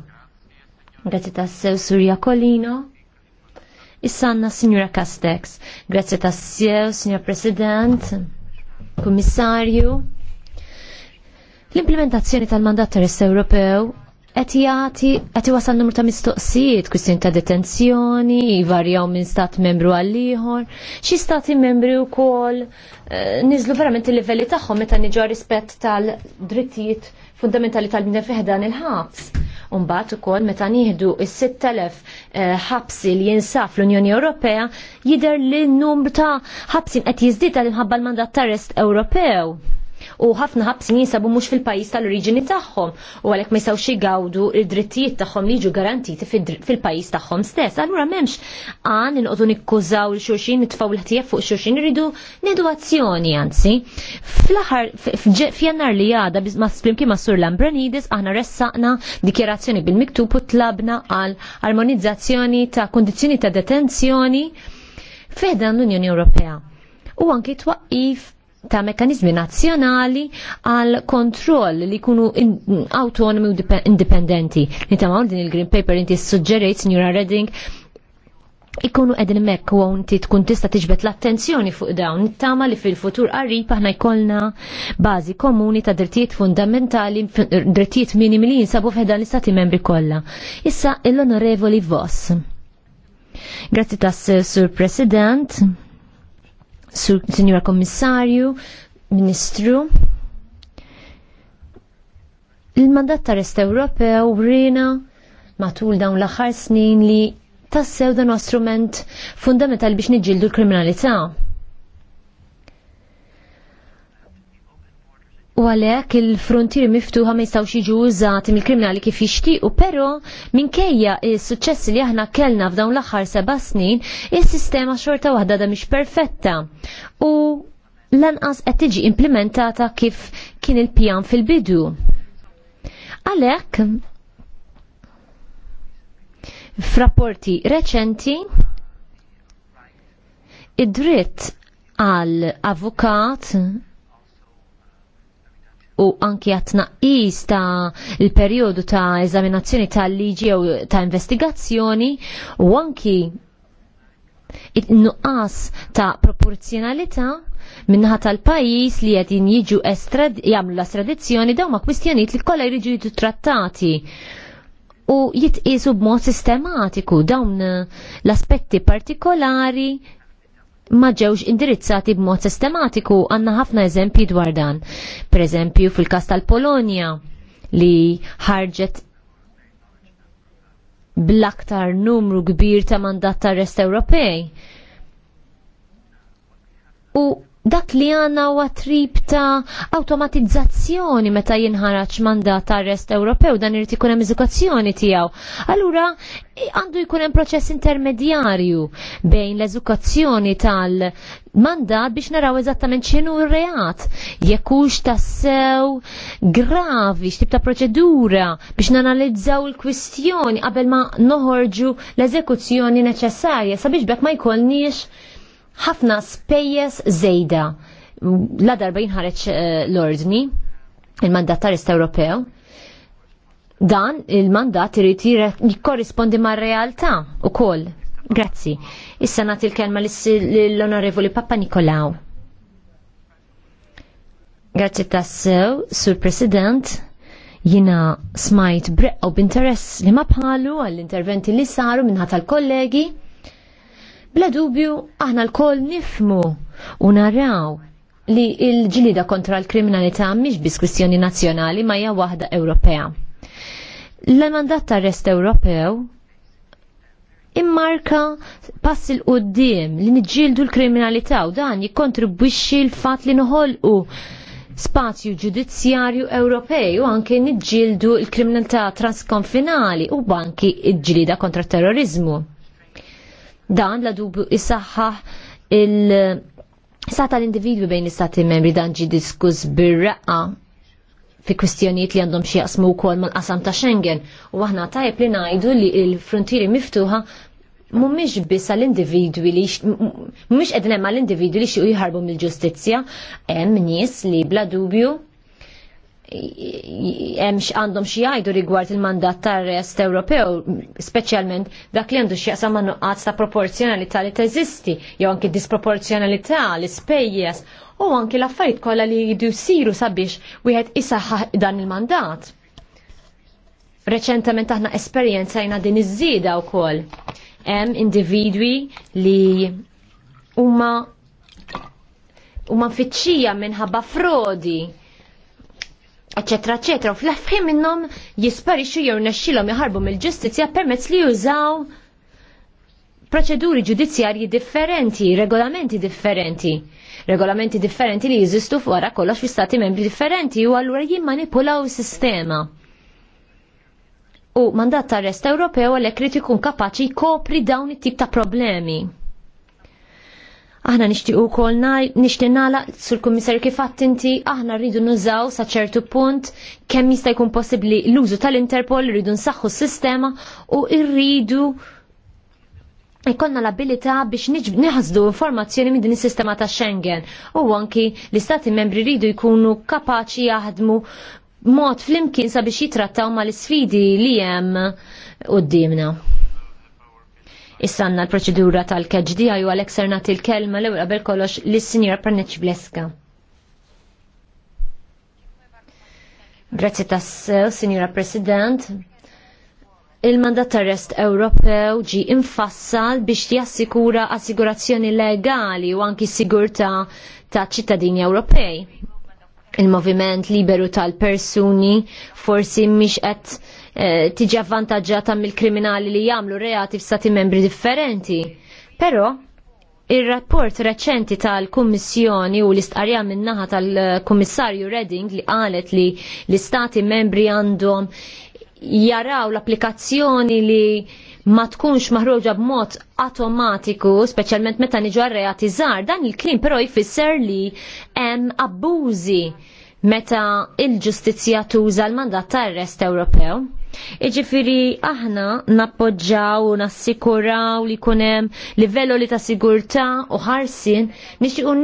Grazzi tassew Surja Kolino. Issanna Signora Castex. Grazzi tassew, Signor President. Kummissarju, l-implementazzjoni tal-mandat terrorist Ewropew qed jagħti qed iwasal numru ta' mistoqsijiet, kwistjoni ta' detenzjoni, jvarjaw minn stat membru għal ieħor, xi stati membri wkoll eh, niżlu verament il-livelli tagħhom meta niġu rispett tal-drittijiet fundamentali tal-bnedem fiħdan il-ħabs Umbat ukoll meta nieħdu is-6000 eh, ħabsi li jinsaf l-Unjoni Ewropea jidher li n-numru ta' ħabsin qed jiżdied għal l-mandat ta' arrest Ewropew u ħafna ħabsin jinsabu mhux fil-pajjiż tal-oriġini tagħhom u għalhekk ma jistgħux jgawdu id-drittijiet tagħhom li jiġu garantiti fil-pajjiż tagħhom stess. Allura m'hemmx għan inqogħdu nikkużaw il xulxin nitfgħu l fuq xulxin iridu nidu azzjoni anzi. Fl-aħħar f'jannar li għada ma' splimkien ma' Sur Lambranidis aħna ressaqna dikjerazzjoni bil-miktub u tlabna għal armonizzazzjoni ta' kondizzjoni ta' detenzjoni fedan l-Unjoni Ewropea u anki twaqif ta' mekanizmi nazzjonali għal kontroll li kunu autonomi u indipendenti. Nitamaw din il-Green Paper inti suġġerejt, Signora Redding, ikunu edin mekk u għonti tkun tista tiġbet l-attenzjoni fuq dawn nittama li fil-futur qarib aħna jkollna bażi komuni ta' drittijiet fundamentali, drittijiet minimi li jinsabu f'ħedan l-istati membri kollha. Issa l-Onorevoli Voss. Grazzi tas Sur President. Sinjura Kommissarju, Ministru. Il-mandat ta' Rest Ewropew rina matul dawn l-aħħar snin li tassew dan strument fundamentali biex niġildu l-kriminalità U għalhekk il-frontieri miftuħa ma jistgħux jiġu użati mill-kriminali kif jixtiequ, però minkejja s-suċċessi li aħna kellna f'dawn l-aħħar seba' snin, is-sistema xorta waħda da mhix perfetta. U lanqas qed tiġi implementata kif kien il-pjan fil-bidu. Għalhekk f'rapporti reċenti id-dritt għal avukat u anki għat-tnaqqis ta' il-periodu ta' eżaminazzjoni ta' liġi u ta' investigazzjoni u anki nuqqas ta' proporzjonalità minnaħat tal-pajis li għedin jiġu jamlu la astradizzjoni daw ma' kwistjoniet li kolla jriġu jitu trattati u jitqisu b'mod sistematiku dawn l-aspetti partikolari ma ġewx indirizzati b'mod sistematiku għanna ħafna eżempji dwar dan. Per eżempju fil-kas tal-Polonja li ħarġet bl-aktar numru kbir ta' mandat ta' rest Ewropej. U dak li għanna u trib ta' automatizzazzjoni meta jinħaraġ mandat ta' arrest Ewropew dan irid ikun hemm eżukazzjoni tiegħu. Allura għandu jkun hemm proċess intermedjarju bejn l-eżukazzjoni tal mandat biex naraw eżattament x'inhu r-reat. Jekk hux tassew gravi, x'tib ta' proċedura biex nanalizzaw il-kwistjoni qabel ma noħorġu l-eżekuzzjoni neċessarja sabiex bekk ma jkollniex ħafna spejjes żejda la darba jinħareġ eh, l-ordni il-mandat tal Ewropew. Dan il-mandat irid jikkorrispondi mar-realtà koll. Grazzi. Issa nagħti l-kelma l-Onorevoli Papa Nikolaw. Grazzi tassew, Sur President jina smajt breqqa b'interess li ma bħalu għall-interventi li saru minnħat tal-kollegi Bla dubju, aħna l kol nifmu u naraw li il ġilida kontra l-kriminalità mhix bis kwistjoni nazzjonali ma hija waħda Ewropea. L-mandat ta' rest Ewropew immarka pass il qoddim li nġildu l-kriminalità u dan jikkontribwixxi l-fat li noħolqu spazju ġudizzjarju Ewropej u anke nġildu l-kriminalità transkonfinali u banki il-ġilida kontra terrorizmu. Dan la dubju isaħħaħ il- sata tal-individwi bejn istati membri dan ġi diskuss bir-raqqa fi kwistjonijiet li għandhom xi jaqsmu wkoll mal-qasam ta' Schengen u aħna tajb li ngħidu li l-frontieri miftuħa mhumiex biss għall-individwi li mhumiex qegħdin hemm għall-individwi li xiequ jħarbu mill-ġustizzja hemm nies li bla dubju hemmx għandhom xi jgħidu rigward il-mandat tar-rest Ewropew, speċjalment dak li għandu xi jaqsam nuqqas ta' proporzjonalità li teżisti, jew anki disproporzjonalità l-ispejjeż u anki l-affarijiet kollha li jridu jsiru sabiex wieħed isaħħaħ dan il-mandat. Reċentement aħna esperjenzajna din iż-żieda wkoll. Hemm individwi li huma huma fiċċija minħabba frodi eccetera, eccetera, u fl-affim minnom jisparixu jew nexxilhom jħarbu mill-ġustizzja permezz li jużaw proċeduri ġudizzjarji differenti, regolamenti differenti regolamenti differenti li jizistu wara kollox fi stati membri differenti u allura jimmanipulaw is-sistema. U mandat ta' rest Ewropew għalhekk irid ikun kapaċi jkopri dawn it-tip ta' problemi. Aħna nixtiequ ukoll nixtieq nagħlaq sur Kummissarju kif inti aħna rridu nużaw sa ċertu punt kemm jista' jkun possibbli l-użu tal-Interpol, rridu nsaħħu s-sistema u rridu jkollna l-abilità biex neħasdu informazzjoni minn din is-sistema ta' Schengen u anki l-istati membri rridu jkunu kapaċi jaħdmu mod flimkien sabiex jitrattaw mal isfidi li hemm qudiemna. Issanna l-proċedura tal-keġdi għaju għalek sernat il-kelma l-ewel għabel kollox l-Sinjora Praneċ Bleska. Grazzi tassew, Sinjora President. Il-mandat arrest Ewropew ġi infassal biex jassikura assigurazzjoni legali u anki sigurta ta' ċittadini Ewropej. Il-moviment liberu tal-persuni forsi miex qed Eh, tiġi avvantaġġata mill-kriminali li jagħmlu reati f'stati membri differenti. Però Ir-rapport reċenti tal-Kummissjoni u l-istqarja minnaħa tal-Kummissarju Redding li qalet li l-istati membri għandhom jaraw l-applikazzjoni li ma tkunx maħruġa b'mod automatiku, speċjalment meta niġu r-reati żgħar, dan il-klim però jfisser li hemm abbużi meta il-ġustizzja tuża l-mandat tar arrest Ewropew. Iġifiri aħna nappoġġaw, u nassikuraw li kunem livello li ta' sigurta u ħarsin, nixtiqu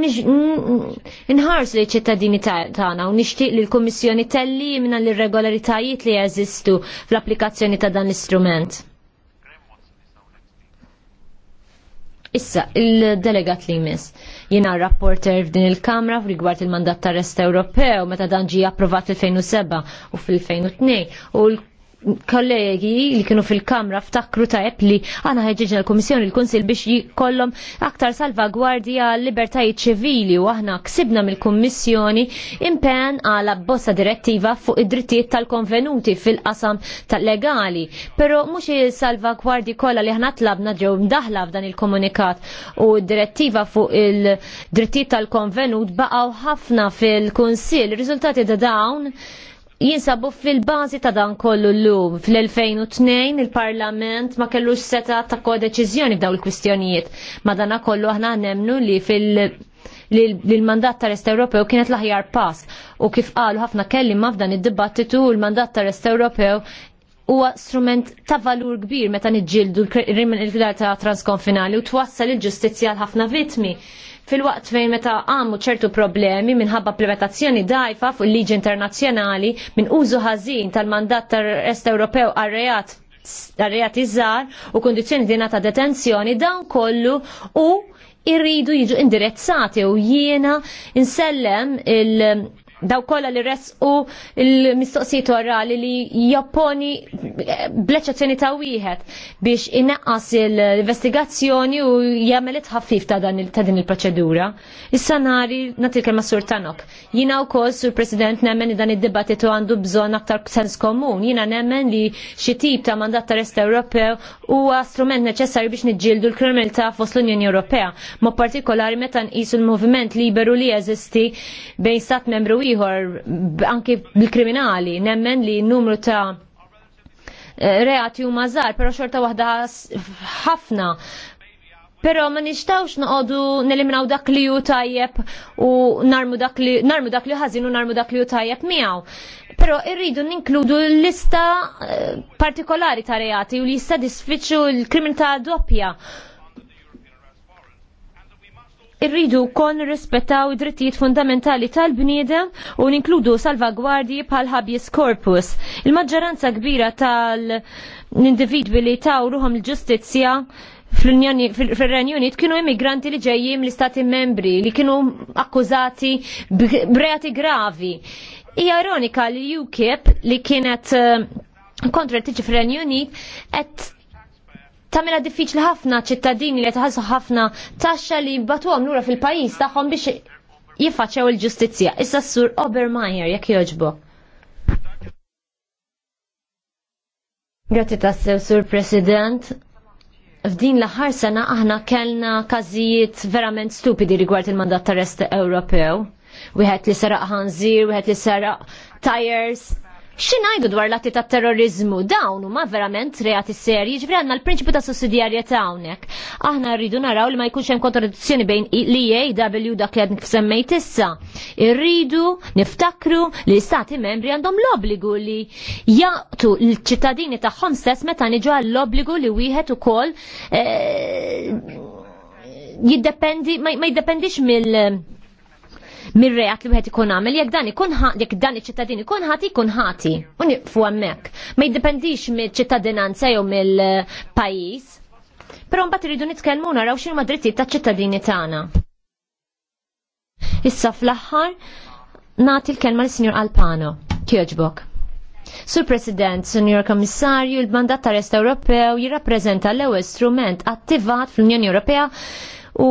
nħarsu li ċittadini tagħna u nixtieq li l-Kummissjoni telli minna l-irregolaritajiet li jeżistu fl-applikazzjoni ta' dan l-istrument. Issa, il-delegat li jmiss jina rapporter f'din il-Kamra f'rigward il-mandat tar-Rest Ewropew meta dan ġie approvat fil-2007 u fil-2002 u l kollegi li kienu fil-kamra ftakru ta' li għana ħeġġeġna l-Komissjoni l-Kunsil biex jikollhom aktar salvagwardja libertajiet ċivili u aħna ksibna mill-Kummissjoni impen għal bossa direttiva fuq id-drittijiet tal-konvenuti fil-qasam tal-legali. Pero mhux il-salvagwardji kollha li aħna tlabna ġew mdaħla f'dan il-komunikat u d-direttiva fuq il-drittijiet tal-konvenut baqgħu ħafna fil-Kunsil. Riżultati da dawn jinsabu fil-bazi ta' dan kollu l-lum. Fil-2002 il-Parlament ma kellux seta ta' deċizjoni f'daw il-kwistjonijiet. Ma dana kollu aħna nemnu li fil- l-mandat ta' Rest Ewropew kienet l-aħjar pass u kif qalu ħafna kelli ma f'dan id-dibattitu l-mandat ta' rest Ewropew huwa strument ta' valur kbir meta niġġieldu l ta' transkonfinali u twassal il-ġustizzja l-ħafna vittmi fil-waqt fejn meta għamu ċertu problemi minħabba implementazzjoni dajfa fuq liġi internazzjonali minn użu ħażin tal-mandat tar-Est Ewropew għarrejat għarrejat iżżar u kondizjoni dina ta' detenzjoni dan kollu u irridu jiġu indirezzati u jiena insellem il- daw kolla li resqu il-mistoqsijiet orali li jopponi eh, bleċazzjoni ta' wieħed biex inaqqas l-investigazzjoni u jagħmel ħafif ta' ta' din il-proċedura. Issa nari nagħti kelma Sur Tanok. Jiena wkoll Sur President nemmen li dan id-dibattitu għandu bżonn aktar sens komun. Jiena nemmen li xi tip ta' mandat ta' rest Ewropew huwa strument neċessarju biex niġġieldu l-kriminalità fost l-Unjoni Ewropea, ma' partikolari meta nqisu l-moviment liberu li jeżisti bejn stat membru ieħor anke bil-kriminali nemmen li n-numru ta' eh, reati huma żgħar, però xorta waħda ħafna Però ma nishtawx noqogħdu neliminaw dak li hu tajjeb u narmu dak li, narmu dak li ħażin u narmu dak li hu tajjeb miegħu. Però irridu ninkludu lista eh, partikolari ta' reati u li jista' disfiċu l-kriminalità doppja irridu kon rispettaw drittijiet fundamentali tal-bniedem u ninkludu salvagwardji bħal habeas corpus. Il-maġġoranza kbira tal-individwi li taw ruħom l-ġustizzja fil-Renju Unit kienu immigranti li ġejjin l-istati membri li kienu akkużati b'reati gravi. Hija ironika li UKIP li kienet eh, kontra t-tiġi fil-Renju Unit qed tamela diffiċli ħafna ċittadini li taħsu ħafna taxxa li batuhom lura fil-pajjiż tagħhom biex jiffaċċew il-ġustizzja. Issa s-sur Obermeyer jekk jogħġbok. Grazzi tassew, Sur President. F'din l-aħħar sena aħna kellna każijiet verament stupidi rigward il-mandat tar-rest Ewropew. Wieħed li seraq ħanżir, wieħed li saraq tires, xinajdu dwar l-atti ta' terrorizmu dawn huma verament reati serji, ġifri għanna l-prinċipu ta' sussidjarjetà hawnhekk. Aħna rridu naraw li ma jkunx hemm kontradizzjoni bejn l-EAW dak li għadnik semmejt issa. Irridu niftakru li stati membri għandhom l-obbligu li jaqtu l-ċittadini tagħhom stess meta niġu għall-obbligu li wieħed ukoll eh, jiddependi ma jiddependix mill- mir-reat li wieħed ikun għamel jekk dan ikun jekk dan iċ-ċittadin ikun ħati ikun ħati u nieqfu hemmhekk. Ma jiddependix mill-ċittadinanza jew mill-pajjiż. Però mbagħad iridu nitkellmu naraw x'inhuma drittijiet taċ-ċittadini tagħna. Issa fl-aħħar nagħti l-kelma lis-Sinjur Alpano. Kjoġbok. Sur President, Sinjor Kommissarju, il-mandat tar rest Ewropew jirrappreżenta l-ewwel strument attivat fl-Unjoni Ewropea u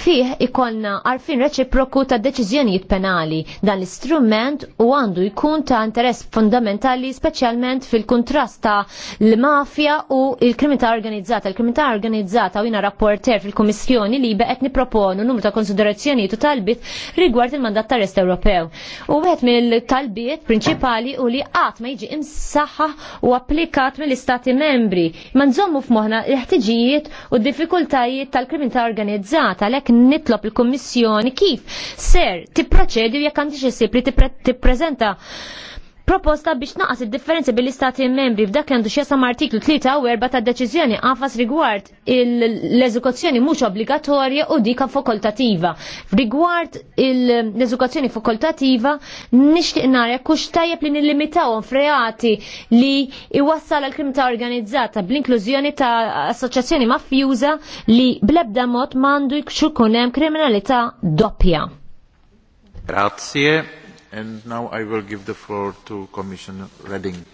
fih ikollna għarfin reċiproku ta' deċiżjonijiet penali. Dan l-istrument u għandu jkun ta' interess fundamentali speċjalment fil-kontrast ta' l-mafja u il-kriminalità organizzata. Il-kriminalità organizzata u jina rapporter fil-Komissjoni li beqet niproponu numru ta' konsiderazzjonijiet u talbit rigward il-mandat ta' rest Ewropew. U għet mill-talbiet prinċipali u li għat ma jiġi imsaħħa u applikat mill-istati membri. Ma nżommu f'moħna l-ħtiġijiet u d-difikultajiet tal-kriminalità organizzata organizzata lek nitlob il kommissjoni kif ser ti tipproċedi jekk għandix isib li tippreżenta proposta biex naqas id-differenzi bil-istati membri f'dak għandu xiesam artiklu 3 u 4 ta' deċiżjoni għafas rigward l-eżukazzjoni mhux obbligatorja u dika fakultativa. Rigward l-eżukazzjoni fakultativa nixtieq nara kux tajjeb li nillimitawhom freati li iwassal għal krim ta' organizzata bl-inklużjoni ta' assoċjazzjoni mafjuza li blebda mod mandu xukunem kunem kriminalità doppja. Grazie. And now I will give the floor to Commissioner Redding.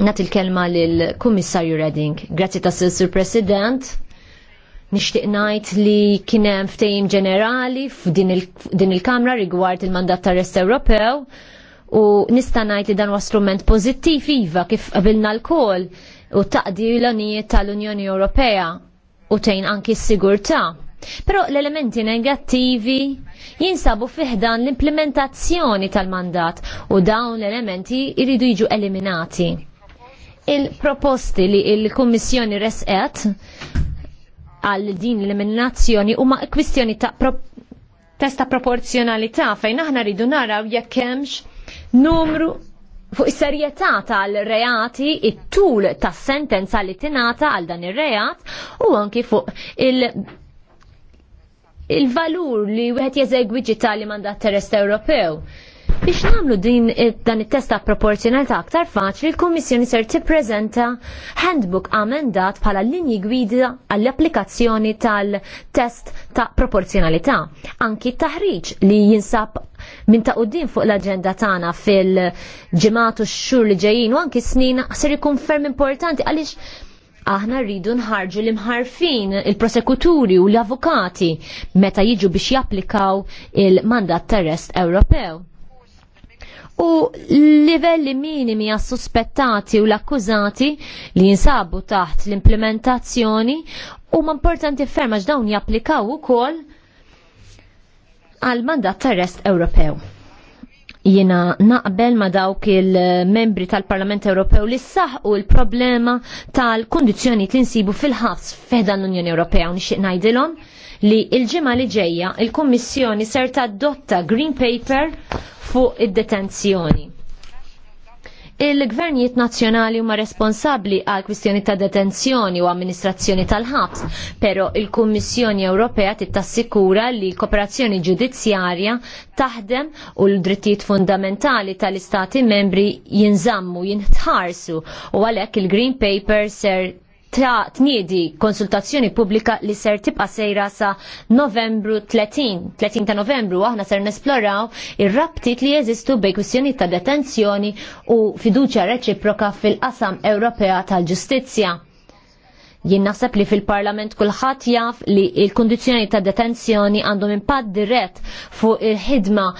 Nat il-kelma lill-Kummissarju Redding. Grazzi ta' Sur President. Nixtieq ngħid li kien hemm ġenerali f'din il-Kamra rigward il-mandat tar rest Ewropew u nista' ngħid li dan huwa strument pożittiv iva kif qabilna l-kol u taqdi l-onijiet tal-Unjoni Ewropea u tejn anki s-sigurtà Però l-elementi negattivi jinsabu fiħdan l-implementazzjoni tal-mandat u dawn l-elementi jridu jiġu eliminati. Il-proposti li il-Kommissjoni resqet għal din l-eliminazzjoni huma kwistjoni ta' pro testa proporzjonalità fejn aħna rridu naraw jekk hemmx numru fuq is-serjetà tal-reati, it-tul tas-sentenza li tingħata għal dan ir-reat u anki fuq il- il-valur li wieħed jeżegwi ġitali mandat terrest Ewropew. Biex nagħmlu din dan it-test ta' proporzjonalità aktar faċli, l-Kummissjoni ser tippreżenta handbook amendat bħala linji gwida għall-applikazzjoni tal-test ta' proporzjonalità. Anki t taħriġ li jinsab minn ta' quddiem fuq l-aġenda tagħna fil-ġimgħat x-xhur li ġejjin u anki snin ser ikun ferm importanti għaliex Aħna rridu nħarġu l-imħarfin, il-prosekuturi u l-avukati meta jiġu biex japplikaw il-mandat terrest Ewropew. U livelli minimi għas suspettati u l-akkużati li jinsabu taħt l-implementazzjoni u ma importanti ferma dawn japplikaw ukoll għal mandat terrest Ewropew jina naqbel ma dawk il-membri tal-Parlament Ewropew li u il-problema tal-kondizjoni t-insibu fil-ħabs f'edan l-Unjoni Ewropea u nixtieq ngħidilhom li il-ġimgħa li ġejja il-Kummissjoni ser dotta Green Paper fuq id-detenzjoni. Il-gvernijiet nazzjonali huma responsabbli għal kwistjoni ta' detenzjoni u amministrazzjoni tal-ħabs, pero il-Kummissjoni Ewropea tittassikura li l-kooperazzjoni ġudizzjarja taħdem u l-drittijiet fundamentali tal-istati membri jinżammu jintħarsu u għalhekk il-Green Paper ser ta' tniedi konsultazzjoni pubblika li ser tibqa' sejra sa' Novembru 30, 30 ta' Novembru aħna ser nesploraw ir-rabtit li jeżistu bej kwistjoni ta' detenzjoni u fiduċja reċiproka fil-qasam Ewropea tal-Ġustizzja. Jien naħseb li fil-Parlament kulħadd jaf li l kundizzjoni ta' detenzjoni għandhom impatt dirett fuq il-ħidma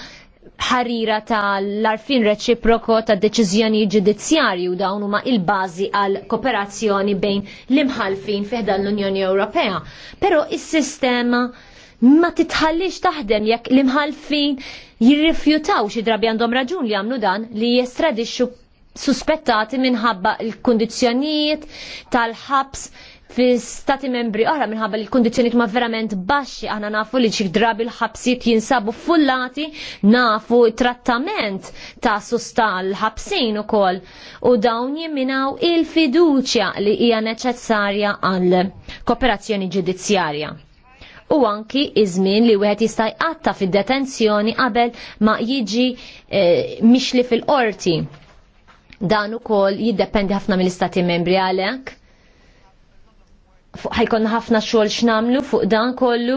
ħarira tal-arfin reċiproko ta' deċiżjoni ġudizzjarju dawn huma il-bażi għal kooperazzjoni bejn l-imħalfin fiħdan l-Unjoni Ewropea. Però is-sistema ma titħallix taħdem jekk l-imħalfin jirrifjutaw xi drabi għandhom raġun li għamlu dan li jestradixxu suspettati minħabba l-kundizzjonijiet tal-ħabs fi stati membri oħra minħabba li l-kondizjoniet ma verament baxxi aħna nafu li xi drabi l-ħabsiet jinsabu fullati nafu trattament ta' sustan l-ħabsin ukoll u dawn jimminaw il-fiduċja li hija neċessarja għall kooperazzjoni ġudizzjarja u anki iżmin żmien li wieħed jista' jqatta fid-detenzjoni qabel ma jiġi e, mixli fil-qorti. Dan ukoll jiddependi ħafna mill-istati membri għalhekk ħajkonna ħafna xogħol x'namlu fuq dan kollu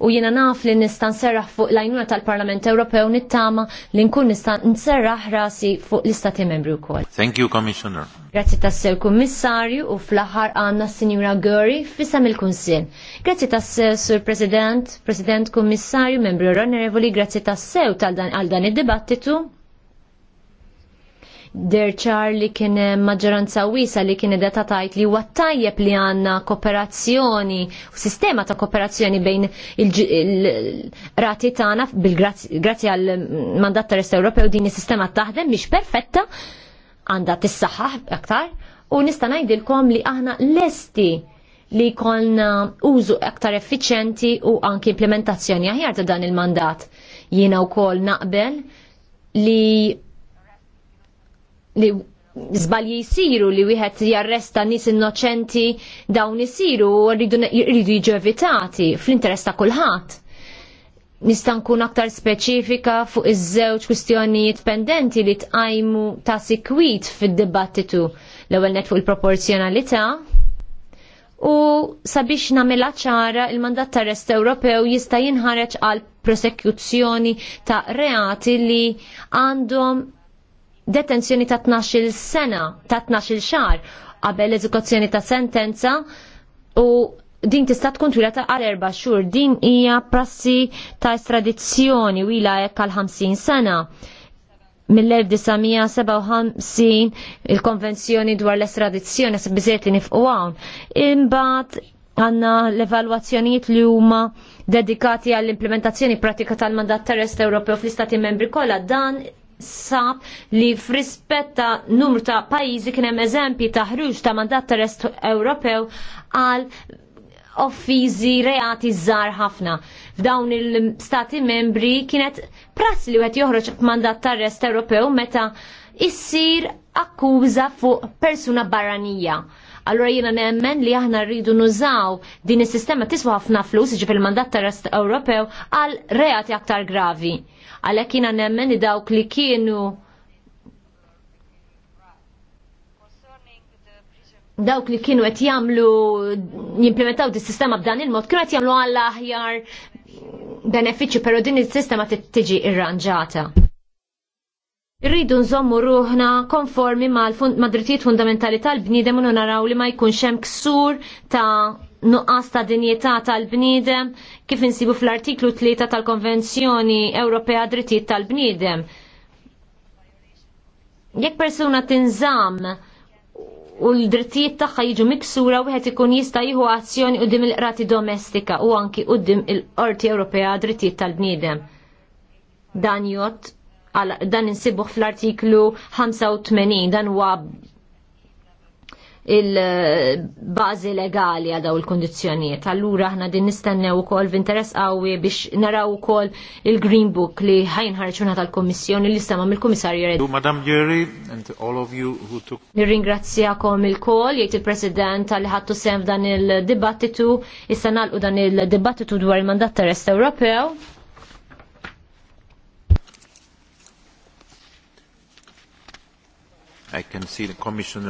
u jiena naf li nista' nserraħ fuq l-għajnuna tal-Parlament Ewropew nittama li nkun nista' nserraħ rasi fuq l-Istati Membri wkoll. Thank you, Commissioner. Grazzi tassew Kummissarju u fl-aħħar għandna Sinjura Gurri fissam il-Kunsill. Grazzi tassew Sur President, President Kummissarju, Membri Onorevoli, grazzi tassew għal dan id-dibattitu derċar li kien maġġoranza wisa li kien data tajt li huwa tajjeb li għandna kooperazzjoni u sistema ta' kooperazzjoni bejn il-rati tagħna bil-grazzi għal mandat ta' Rest Ewropew din is-sistema taħdem mhix perfetta għandha tissaħħaħ aktar u nista' ngħidilkom li aħna lesti li jkollna użu aktar effiċenti u anki implementazzjoni aħjar ta' dan il-mandat. Jiena wkoll naqbel li li zbalji jisiru li wieħed jarresta nis innoċenti dawn isiru u rridu jiġu evitati fl-interess ta' kulħadd. Nista' nkun aktar speċifika fuq iż-żewġ kwistjonijiet pendenti li tqajmu ta' sikwit fid-dibattitu l-ewwel net fuq il-proporzjonalità u sabiex nagħmilha ċara il-mandat ta' rest Ewropew jista' jinħareġ għal prosekuzzjoni ta' reati li għandhom detenzjoni ta' 12 sena, ta' 12 xar qabel eżekuzzjoni ta' sentenza u din tista' tkun twila ta' għal erba' xhur. Din hija prassi ta' estradizzjoni wila hekk għal 50 sena mill-1957 il-konvenzjoni dwar l-estradizzjoni se biżiet li nifqu hawn. Imbagħad għandna l-evalwazzjonijiet li huma dedikati għall-implementazzjoni pratika tal-mandat terrest Ewropew fl-Istati membri kollha dan sab li frispetta numru ta' pajizi kienem eżempji ta' ħruġ ta' mandat terrest Ewropew għal offizi reati żgħar ħafna. F'dawn il-stati membri kienet prassi li wieħed joħroġ mandat tarrest Ewropew meta issir akkuża fuq persuna barranija. Allora jiena nemmen li aħna rridu nużaw din is-sistema tiswa ħafna flus, ġib il-mandat tarrest Ewropew għal reati aktar gravi Għalhekk jiena nemmen dawk li kienu dawk li kienu qed jagħmlu jimplementaw dis sistema b'dan il-mod kienu qed jagħmlu għall aħjar benefiċċju però din is-sistema tiġi irranġata. Irridu nżommu ruħna konformi mal-drittijiet fundamentali tal-bniedem u naraw li ma jkunx hemm ksur ta' nuqqas ta' dinjità tal-bniedem kif insibu fl-artiklu 3 tal-Konvenzjoni Ewropea Drittijiet tal-Bniedem. Jekk persuna tinżamm u l-drittijiet tagħha jiġu miksura wieħed ikun jista' jieħu azzjoni qudiem il-qrati domestika u anki qudiem il-Qorti Ewropea Drittijiet tal-Bniedem. Dan jott dan insibuħ fl-artiklu 85 dan huwa il-bazi legali għadaw il-kondizjoniet. Allura ħna din nistennew ukoll b'interess qawwi biex naraw ukoll il-Green Book li ħajn ħarċuna tal-Kommissjoni li sema mill-Kummissarju Red. Madam Jerry, and all of you who took Nirringrazzjakom il-kol jgħid il-President li ħattu sem f'dan il-dibattitu, issa nagħlqu dan il-dibattitu dwar il-mandat terrest Ewropew. I can see the commissioner